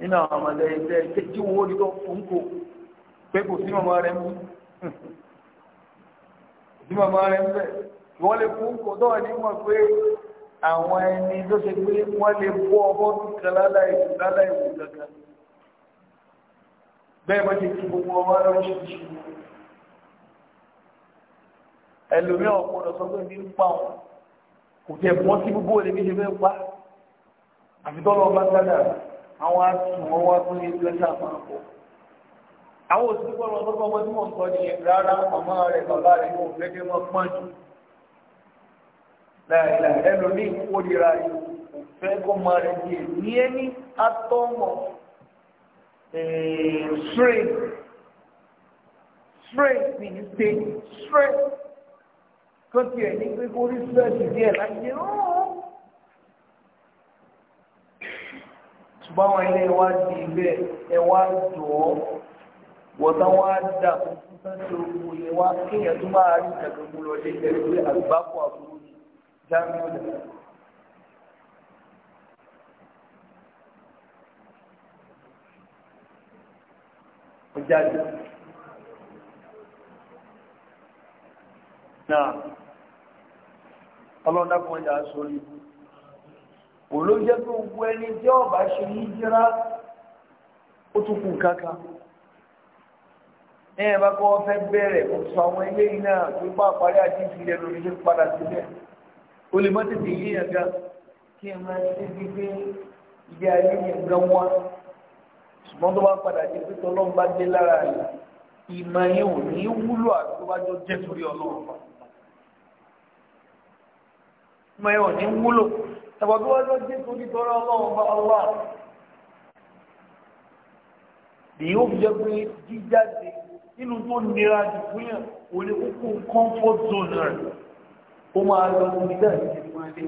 nínú àwọn ọmọdé ẹgbẹ́ tí wọ́n rí tó fún kò pé kò sí mọ̀mọ́ rẹ̀ mú sí mọ̀mọ́ rẹ̀ mú bẹ́ẹ̀ wọ́n lè fún kò tó wà ní mọ̀ pé àwọn ẹni tó ṣe pé wọ́n lè bọ́ ọmọ kíkan láláì láláì wò kankan bẹ́ẹ̀ bá ti kí gbogbo ọmọ lọ́ṣíṣí ẹlòmíràn ọ̀pọ̀lọpọ̀ sọ pé ní ń pa wọn kò tẹ̀ bọ́ sí gbogbo ẹ̀mí ṣe fẹ́ pa àfi tọ́lọ́ ọba sádà rẹ̀ àwọn asùn wọn wá fún ilé lọ́sà máa bọ̀. àwọn òsì gbọ́dọ̀ lọ́kọ́ ọmọ tí mò ń sọ nìyẹn rárá ọmọ rẹ̀ bàbá rẹ̀ mò ń fẹ́kẹ́ mọ́ pọ́n jù. láìláì ẹlòmíì kórìíra yìí kò fẹ́ kó mọ rẹ̀ díẹ̀ ní ẹni atọ́mọ̀ straight straight ní ṣe straight kó tiẹ̀ ní pé kó rí straight díẹ̀ láti ṣe rọ́ọ̀. Oh, ṣùgbọ́n àwọn ilé wa di ilé ẹ wá dùn ọ́ wọ́tá wá dà fún sáńtì ogun yẹn wá kéèyàn tó máa rí ìjàgbé mú lọ dé ẹ̀rọ pé àgbákò àbúrò ní jámíọ̀nù. Jáde. Náà, ọlọ́dá kan sórí ikú kò ló jẹ́ pé gbogbo ẹni jẹ́ ọ̀bá ṣe hijira ó tún kù kankan ní ẹ̀bá kọ́ fẹ́ bẹ̀rẹ̀ kò sọ àwọn eléyìí náà tó bá parí àdínkù rẹ̀ lórí ṣe padà sílẹ̀ o lè má tètè yé yàn gan kí ẹ máa ṣe gbígbé ilé ayé yẹn gan wá ṣùgbọ́n tó bá padà dé pé tọ́lọ́run bá dé lára rẹ̀ ìmọ̀ yẹn ò ní wúlò àti tó bá jọ jẹ́ torí ọlọ́run ìmọ̀ yẹn ò ní wúlò ẹ̀wọ̀n bí wọ́n tó dé torí tọrọ ọlọ́run bá ọlá èyí ó fi jẹ́ pé jíjáde nínú tó nira jù fún yàn ò lè kókó comfort zone rẹ̀ ó máa lọ síbi náà ní ìdíwọ́n ilé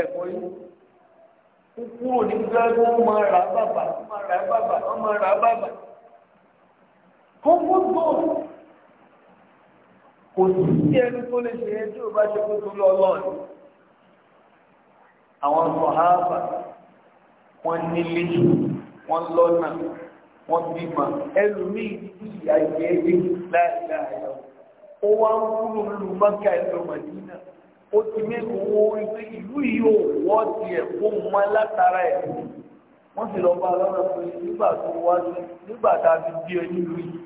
ẹ̀kọ́ yìí ó kúrò ní gbẹ́gbẹ́ ó máa rà bàbà ó máa rà bàbà bàbà comfort zone kò sí ẹni tó lè ṣe ẹjọ́ bá ṣe kó tó lọ lọ́ọ̀ni àwọn sọ̀háàbà wọ́n nílé wọ́n lọ́nà wọ́n bímọ ẹlòmíì tí àyè ẹgbẹ́ láìláìlá ó wá ń kúrò lù mọ́kà ìlú màdínà ó ti mẹ́kọ̀ọ́ owó orí pé ìlú yìí ò wọ́ tiẹ̀ kó mọ́ látara ẹ̀ wọ́n sì lọ bá a lọ́nà pé nígbà tó wá sí nígbà tá a ti bí ẹ nílùú yìí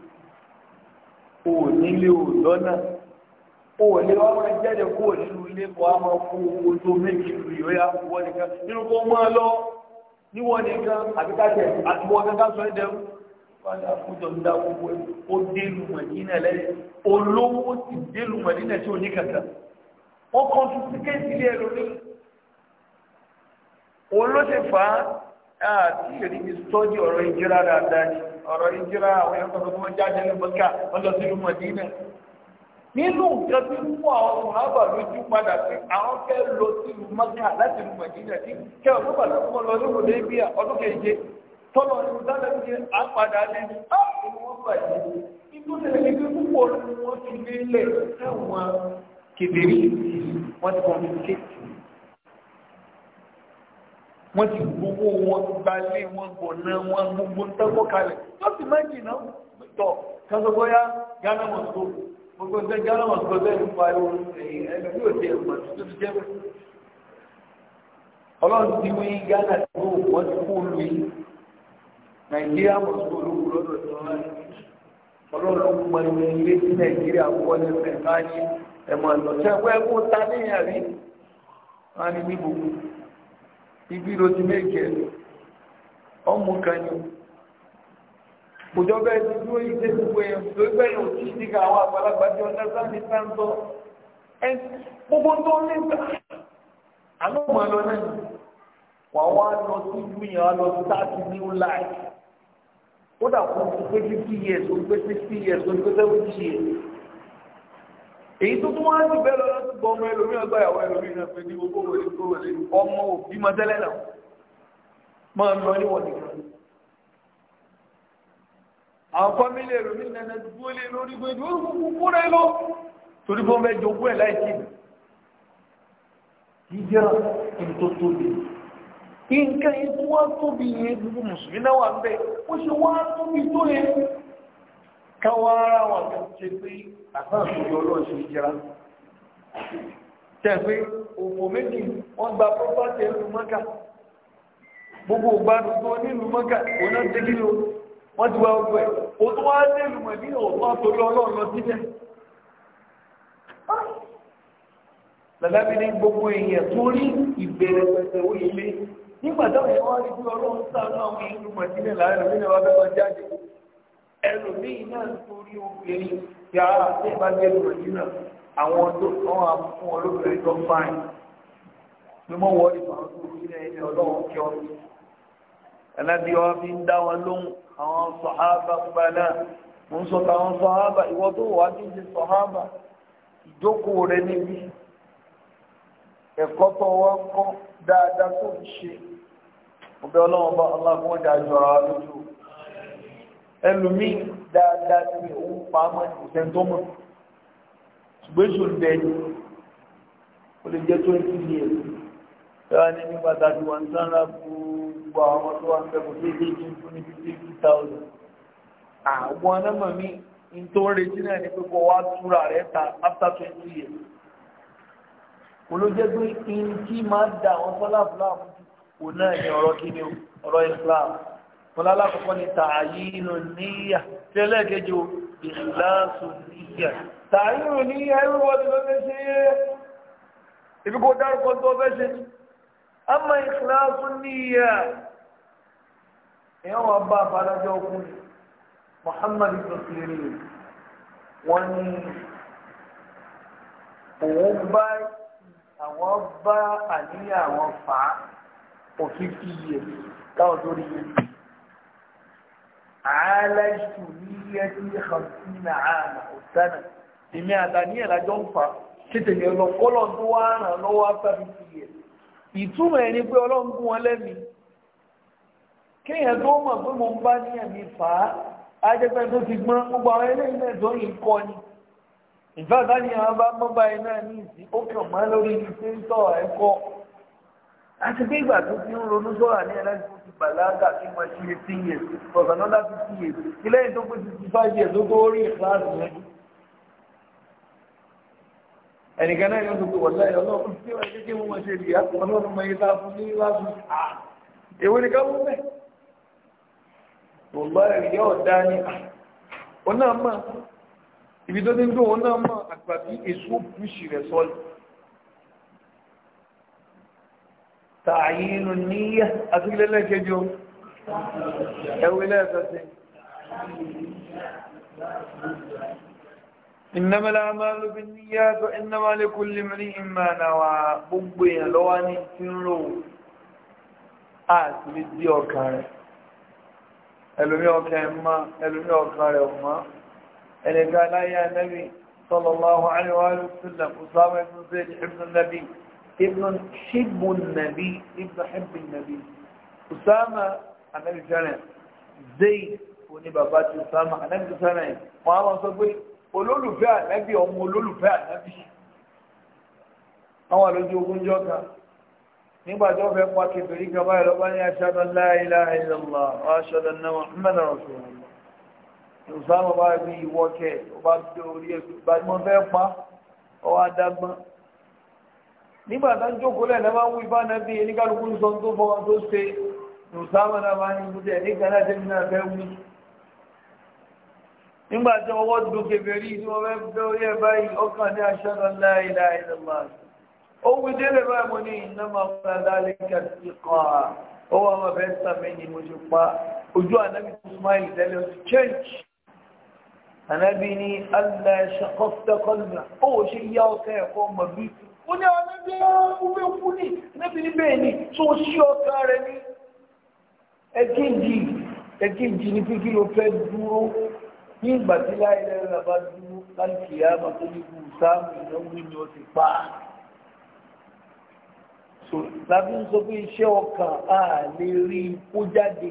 ò nílé ò lọ́nà o lè wá máa jáde kúrò nínú ilé kó a máa fún owó tó méjì lu ìwé àwọ̀ nìkan nínú kó máa lọ níwọ̀n nìkan àbíkájẹ àtiwọ̀n kankan sọ ẹ̀dẹ̀ wọn àkójọ ń dá gbogbo ẹ̀ ó délu mọ̀dínà lẹ́yìn olówó ti délu mọ̀dínà tí ò ní kankan wọ́n kọ́ tún tíkẹ́ẹ̀tì ilé ẹ̀ lórí olóṣèfà àti ìrìbí sọ́jì ọ̀rọ̀ ìjírá dáadáa ni ọ̀rọ̀ ìjírá àwọn ẹ̀kọ́ tó wọ́n jáde ní mọ́kà wọ́n lọ sí nínú nǹkan tí ń mú àwọn sòhábà lójú padà pé àwọn fẹ́ lọ sí ìlú mọ́tà láti ìlú mọ̀jìnà tí kẹ́ ọ̀dún pàdé kọ́ lọ ní òde bí i ọdún keje tọ́lọ̀ ní dáadáa ti àpàdà lé ní ààbò ah, wọn bàjẹ́ nínú ìrẹ̀lẹ̀ pé púpọ̀ ni wọ́n ti lé lẹ̀ sẹ́wọ̀n kedere wọ́n ti communicate wọ́n ti gbogbo wọn gbalé wọn gbọ̀nà wọn gbogbo ń tẹ́kọ̀ọ́ kalẹ̀ lọ́sì má jìnnà tọ̀ kásọ̀gbọ́yá ghana mọ̀ gbogbo tẹ jẹ́ ọlọ́wọ́ gbogbo tẹ ń pariwo ẹ̀yìn ẹni yóò tẹ ẹ̀pọ̀ tó ti Ghana tí ó wọ́n ti kú lu yìí Nàìjíríà mọ̀ sí lọ́dọ̀ ọlọ́run ló mọ ilé ilé Nàìjíríà ẹ̀mọ̀ ibi ti méje ọmọ òjọba ẹni dúró yìí dé gbogbo ẹ̀ tó gbẹ́ yẹn ò tíì dìgbà àwọn àgbàlagbà tí wọ́n dáná ní sáńtọ́ ẹ gbogbo tó ń lé gbà àná mọ̀ lọ náà wà wá lọ sí ìlú yẹn wà lọ sí táàkì new life kódà kó o pé fifty years o pé sixty years o pé seventy years èyí tó tún wá sí bẹ́ẹ̀ lọ láti gbọ́ ọmọ ẹlòmíràn gbà yàwó ẹlòmíràn pé ní gbogbo òwe ní gbogbo òwe ọmọ òbí mọ àwọn fámìlì ẹ̀rọ mi nana dúró lé lórí pé dúró kúkú kúrẹ́ lọ torí fún bẹ́ẹ̀ jogún ẹ̀ láì sí jíjẹ́ tó tóbi nǹkan yẹn tó wá tóbi yẹn gbogbo mùsùlùmí náà wà ń bẹ ó ṣe wá tóbi tó yẹn káwọn ara wà tó ṣe pé àtàkùn yọ lọ́ọ̀ ṣe jẹra tẹ̀pé òfò méjì wọ́n gba pọ́pátì ẹ̀rù mọ́kà gbogbo ògbàdùn nílùú mọ́kà òun náà wọ́n ti wá ọgbẹ́ o tó wá dé ìlúmọ̀ ní ọ̀pá torí ọlọ́run lọ síbẹ̀. bàbá mi ní gbogbo èèyàn tó rí ìbẹ̀rẹ̀ pẹ̀sẹ̀ ó yẹlé nígbà táwọn èèyàn wá rí bí ọlọ́run sàánú àwọn èèyàn ìlúmọ̀ síbẹ̀ láàrin òmìnira wá fẹ́ máa jáde ẹlòmíì náà torí obìnrin tí a ṣe bá jẹ́ nàìjíríà àwọn tó tán á fún olóbìnrin tó fáìn pé mọ́ wọ́ọ̀lì máa ń tó orí ẹni ọlọ́run kí ọ àwọn sọ̀hábà gbaná mo ń sọ táwọn sọ̀hábà ìwọ tó wà ní ti sọ̀hábà ìjókòó rẹ níbí ẹ̀kọ́ tó wá ń kọ́ dáadáa tó ń ṣe ọbẹ̀ ọlọ́run bá aláàbò dájú ara lójú ẹlòmíì dáadáa ni òun pa á mọ́ ìṣẹ́ntọ́mọ́ ṣùgbọ́n èso ń bẹ ẹni ó lè jẹ́ twenty years ẹ̀rọ ní nígbà tá a sanra kúrú gbogbo àwọn ọmọ tó wà ń bẹ kò sí ilé ìjìn fún ní fifty thousand àwọn ọmọ mi n tó ń retí náà ni pé kó wá túra rẹ̀ ta after twenty years kò ló jẹ́ pé n kí máa da àwọn fọláfọláfọ kò náà ní ọ̀rọ̀ kíni ọ̀rọ̀ islam fọlá alákọ̀ọ́kọ́ ni tààyínú níyà tẹ́lẹ̀ kejì o ìlàsù níyà tààyínú níyà everybody ló fẹ́ ṣe é ibi kò dárúkọ tó fẹ́ ṣe ni ama ìkìláàsù níyà èèyàn wà bá àbádájọ́ ọkùnrin Muhammad ibùsùlùmí wọn ni òun bá àwọn bá àníyàn àwọn fà á òfin fi yẹ káwọn tó rí yẹ àálàìsù níyà tí hàmsí nà áàmà òtánà èmi àtàníyàn lájọ ń fà á tètè yẹn tó wà ràn lọ́wọ́ afẹ́ fi yẹ ìtumọ̀ ẹni pé ọlọ́run gún wọn lẹ́mí kéèyàn tó mọ̀ pé mo ń bá níyàn mi fà á ajẹ́pẹ́ tó ti gbọ́n gbogbo àwọn eléyìí náà tó yìí kọ́ ni ìfáàtà ni àwọn bá mọ́ báyìí náà ní ìsìn ó kàn mọ́ lórí ibi tí ń sọ̀rọ̀ ẹ̀ kọ́ àti pé ìgbà tó ti ń ronú sọ̀rọ̀ ní ẹlẹ́sìn tó ti bàlágà kí wọ́n ṣe ẹnìkan náà yóò tó pé wọ́lá ẹ̀ ọlọ́run tí wọ́n ṣe kí wọ́n máa ṣe rí ọlọ́run mọ ìta fún ní láti èwo ni ká mú bẹ́ẹ̀ wọ́lá ẹ̀ yóò dá ní ọ náà mọ̀ ibi tó ti ń dùn ọ náà mọ̀ àgbà bí èso bùṣì rẹ̀ sọ́ọ̀lì tààyínú níyà àti lẹ́lẹ́kẹjọ ẹ̀wẹ̀lẹ́ ẹ̀fẹ́ إنما الأعمال بالنيات وإنما لكل امرئ ما نوى gbogbo èèyàn ló wà ní tí ń rò á sì lè dí ọkàn rẹ̀ ẹlòmí ọkàn ẹ̀ mọ́ ẹlòmí ọkàn rẹ̀ mọ́ ẹnìkan láyé anábì sallallahu alaihi wa sallam Usama ibn Zayd ibn nabi ibn ṣíbù nabi ibn ṣíbù nabi Usama anábì fẹ́rẹ̀ Zayd oní bàbá ti Usama anábì fẹ́rẹ̀ wọ́n á máa sọ pé olólùfẹ́ ànábì ọmọ olólùfẹ́ ànábì àwọn àlejò ogun jọ kan nígbà tó fẹ́ pa kẹfìrí kan báyìí lọ́ba ní ashhadu an la ilaha illallah wa ashhadu anna muhammadan rasulullah ìsáàmù bá rí ìwọ kẹ ọba gbé orí ẹgbẹ́ gbajúmọ̀ fẹ́ pa ọwọ́ adágbọ́n nígbà tá ń jókòó lẹ̀ náà wí bá nàbí oníkálukú sọ tó fọwọ́ tó ṣe ìsáàmù náà máa ń yí nígbàtí ọwọ́ dùkẹ̀bẹ̀rí ní wọ́n fẹ́ orí ẹ̀ báyìí ọkàn ní aṣọ́nà láìlá ìlàmà ohun délé báyìí mo ní iná máa fún aláàlẹ́ kàtí kan á ọwọ́ àwọn ọ̀fẹ́ sàmì ni mo ti pa ojú ànábì tó smile tẹ́lẹ̀ ó ti change ànábì ní allah ṣàkọ́fẹ́kọ́lùmá ó wò ṣe yá ọkẹ́ ẹ̀kọ́ ọmọ bí ó ní àwọn ọmọ ẹkú ní níbi níbẹ̀ ni tó ṣí ọkà rẹ ní ẹkíǹdì ẹkíǹdì ní pé kí ló fẹ́ dúró ní ìgbà tí láìlẹ́ rẹ̀ bá dúró láìkì yáma tó ní kú sáàmù ìnáwó ni ó ti pa á lábí ń sọ pé iṣẹ́ ọkàn a lè rí kó jáde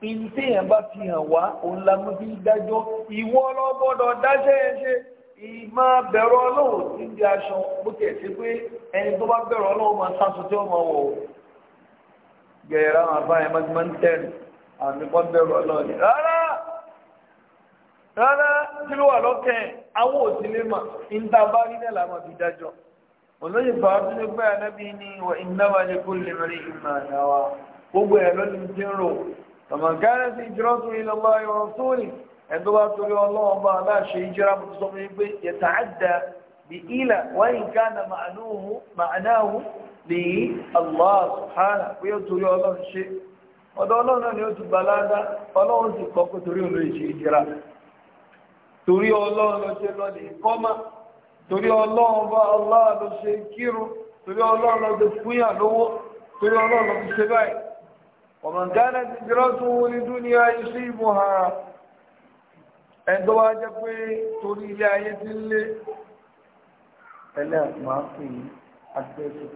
ní téèyàn bá fi hàn wá òun la mú bí dájọ́ ìwọ ọlọ́gbọ́dọ̀ dáṣẹ́ ẹ ṣe ìmọ̀ bẹ̀rọ ọlọ́run ti di aṣọ bó tiẹ̀ ṣe pé ẹni tó bá bẹ̀rọ ọlọ́run máa sáṣọ tí wọ́n máa wọ̀ gẹ̀ẹ́rẹ́ àwọn afáyẹn máa àmì kan bẹ̀rọ ọlọ́run rárá rárá tí ló wà lọ́kẹ́ àwọn òsì lè mà níta bá rí náà làwọn fi dájọ́ olóyè bàbá tó ní pẹ́ anábì ní wà ìnáwó alẹ́kó lè rí ìmọ̀ àyàwá gbogbo ẹ̀ lọ́ni ti ń rò tọmọ gáárẹ́ sí ìjírọ́tò ìlọ́gbà ìrọ̀ sóòlì ẹ̀dọ́ bá torí ọlọ́wọ́n bá aláṣẹ ìjírá mo ti sọ fún yín pé yẹ̀tà àdá bí ilà wáyé gánà màánáhù lè Allah pé ó torí ọlọ́run ṣe ọ̀dọ̀ ọlọ́run náà ni ó ti balada torí ọlọ́run ló ṣe lọ lè kọ́mà torí ọlọ́run bá ọlọ́run ló ṣe kírun torí ọlọ́run ló ṣe fúnyà lówó torí ọlọ́run ló fi ṣe báyìí ọ̀mọ̀n gánà ti jẹ́rọ́ tó wọ́n ní dúnìá iṣẹ́ ìbò ha ẹ̀dọ́ wa jẹ́ pé torí ilé ayé ti ń lé ẹlẹ́yà máa pè é àti ẹ̀ṣẹ̀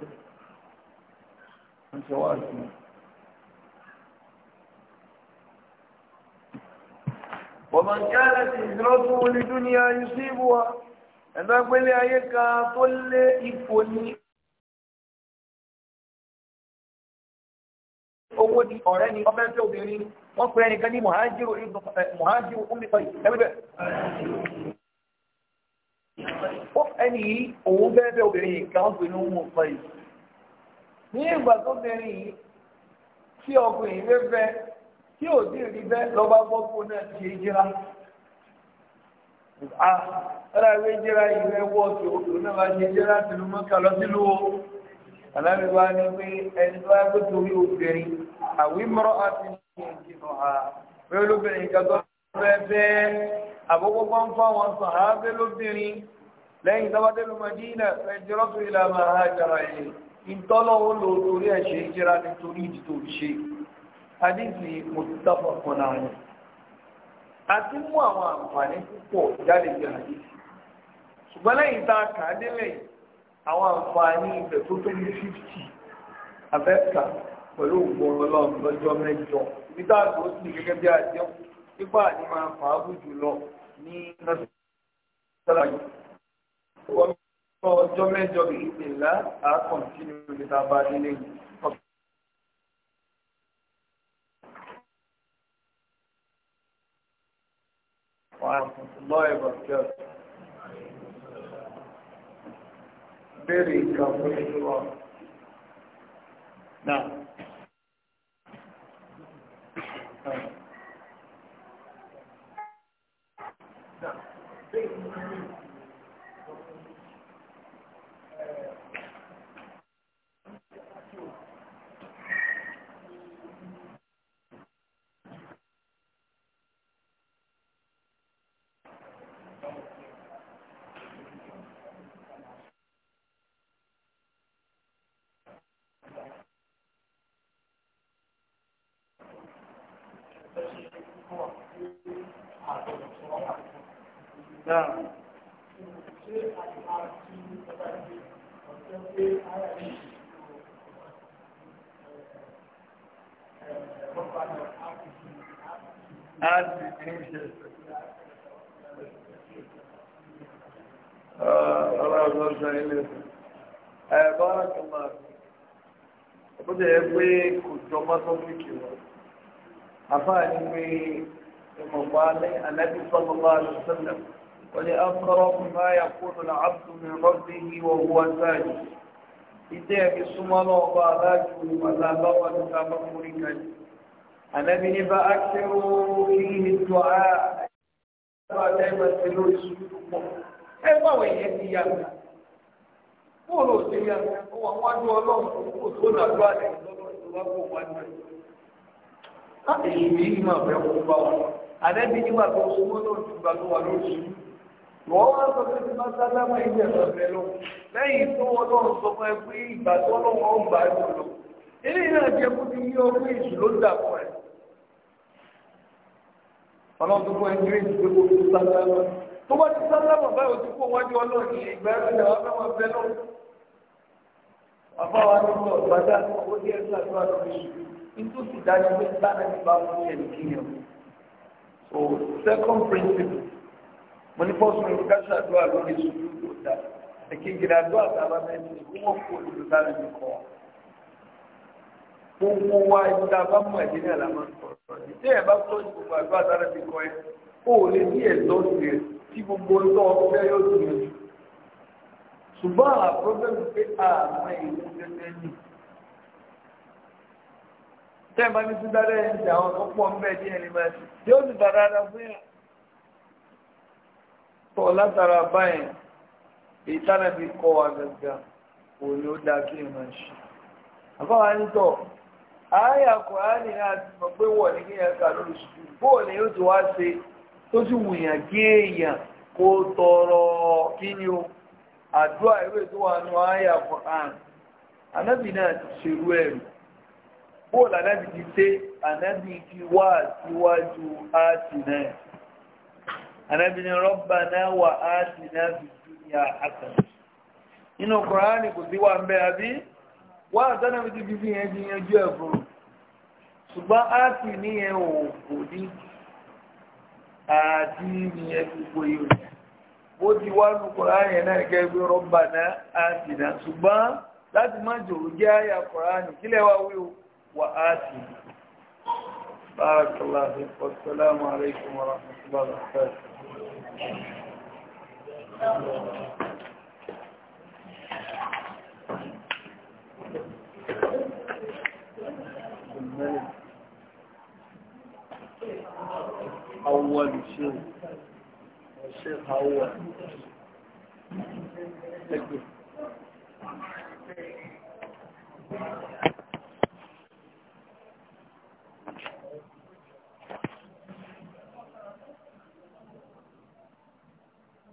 pé wọ́n wá sí i. ومن كانت هجرته لدنيا يصيبها ẹ̀dá gbélé ayé kan tó lé ipò ní owó di ọ̀rẹ́ ni ọmọ ẹgbẹ́ obìnrin wọ́n pe ẹnìkan ní mohajiru mohajiru umikọ ẹgbẹ́ ó ẹni yìí òun bẹ́ẹ̀ bẹ́ẹ̀ obìnrin yìí kan pè ní ohun ọ̀pọ̀ yìí ní ìgbà tó bẹ̀rẹ̀ yìí tí ọkùnrin yìí fẹ́ tí ò dì rí bẹ́ẹ̀ lọ́ba gbọ́gbó náà ti ṣe jíra ara ìwé jíra ìwé wọ́ tí òkú náà bá ṣe jíra tìlú mọ́kà lọ sílùú o alábìbá ni pé ẹni tó wáyé torí obìnrin àwímọ́rọ́ àti ìjìnà ha pé olóbìnrin kan tó bẹ́ẹ̀ bẹ́ẹ̀ àbúkọ́ bá ń fọ́ wọn sàn á bẹ́ẹ̀ lóbìnrin lẹ́yìn tábàdélù Madina ẹjọ́rọ́ tó ìlànà àjàrà yìí ìtọ́lọ́wọ́ lò torí ẹ̀ṣẹ̀ ìjíra nítorí ìdìtò ìṣe hadithi muttafaqun alayh àti mú àwọn àǹfààní púpọ̀ jáde bí hadithi ṣùgbọ́n lẹ́yìn tá a kà á délẹ̀ àwọn àǹfààní ibẹ̀ tó tó ní fífítì abẹ́ka pẹ̀lú ògbọ́n ọlọ́run lọ́jọ́ mẹ́jọ ibi tá a lò ó sì gẹ́gẹ́ bí àdéhùn nípa àdé máa fà á bù jùlọ ní nọ́sítọ́lá ọjọ́ mẹ́jọ bìí ìpìlá àkọ́ntínú ibi tá a bá délẹ̀ yìí. ورحمة الله وبركاته Very Now. ọlọ́run lọ́sàn ilé ẹ̀ bọ́lá kan máa ó dẹ̀ ẹ́ pé kò jọ mọ́tọ́fíìkì wọn àfáà ní pé ìmọ̀pá anábì sọ́mọ́ bá lọ sílẹ̀ wọ́n ní akọ́rọ́ bá yà kúrò ní abdulmi rọ́bì yìí wọ́n wọ́n ìdí ẹ̀mí súnmọ́ náà bá aláàjù aláàbáwá ní sábà múrí kan ànábi ní bá akérò ìlú دائما a ẹgbẹ́ ọ̀dà ẹgbẹ́ ọ̀sẹ̀ lórí sùúrù pọ̀ ẹgbẹ́ àwọn èèyàn ti yá mi bóòlù òsè yá mi ó wà wájú ọlọ́run kó tó nà lọ àlẹ́ lọ́dọ̀ tó bá kó wájú ẹ̀. láti èyí mi ní máa fẹ́ kó bá wọn ànábi ní máa fẹ́ kó sọ́mọ́ náà ti gbà tó wà lórí wọ́n wá sọ pé tí máa sálámà ilé ẹ̀rọ bẹ̀ lọ lẹ́yìn tó wọ́n lọ́run sọ pé ìgbà tó lọ́wọ́ ń gbà á lọ. eléyìí náà jẹ́ kó ti yí ọdún ìṣù ló dà fún ẹ ọlọ́run tó fún ẹ gírèjì pé kó fi sálámà tó bá ti sálámà báyìí ó ti kó wájú ọlọ́run ní ìgbà ẹ̀rọ ìjà wọn fẹ́ràn fẹ́ lọ. bàbá wa ní sọ gbàdá owó díẹ̀ sí àdúrà tó fi nítorí sì dájú pé dáná ti bá fún ẹnì kíyàn. so second principle mo ní first one ká ṣàdúrà lórí sùúrù tó dáa èkejì àdúrà tá a bá mẹ́rin kó wọ́n kó olùdarí gbogbo wa ìta bá mú ẹ̀jẹ̀ ní àlámà ìdí ẹ̀ bá tọ́ ju gbogbo àgbà àtàrà ti kọ́ ẹ o ò lè ní ẹ̀tọ́ sí ẹ tí gbogbo ọjọ́ ọ̀fẹ́ yóò tún yẹn jù ṣùgbọ́n àwọn pọ́fẹ́mù pé àmọ́ ìlú tẹ́tẹ́ nì tẹ́ ẹ bá ní tún dáadáa ẹ̀ ń ṣe àwọn tó pọ̀ ń bẹ́ẹ̀ díẹ̀ ní báyìí yóò sì bá dáadáa fún yà tọ́ látara báyìí ìtànàbí kọ́ wa àyà kòránì láti mọ̀ pé wọ̀ ní kíyàn ká lórí ṣùgbọ́n bóòlù yóò ti wá ṣe tó sì wùyàn kí èèyàn kó tọrọ kí ni o àdúrà ìwé tó wà nù àyà kòránì anábì náà ti ṣerú ẹ̀rù bóòlù anábì ti ṣe anábì ti wá síwájú áàtì náà anábì rọ́bà náà wà áàtì náà fi dúnyà wá àtànàbí ti fi fi yẹn ti yanjú ẹ̀ fún un ṣùgbọ́n áàtì níyẹn ò kò ní àti nìyẹn gbogbo yìí bó ti wá lùkọ̀ọ́ ààyè náà gẹ́gẹ́ bí rọ́bà náà áàtì náà ṣùgbọ́n láti má jòrò jẹ́ àyà kọ̀ránì kílẹ̀ wá wí o wà áàtì. بارك الله فيك والسلام عليكم ورحمة الله وبركاته أول شيء الشيخ أول تكبير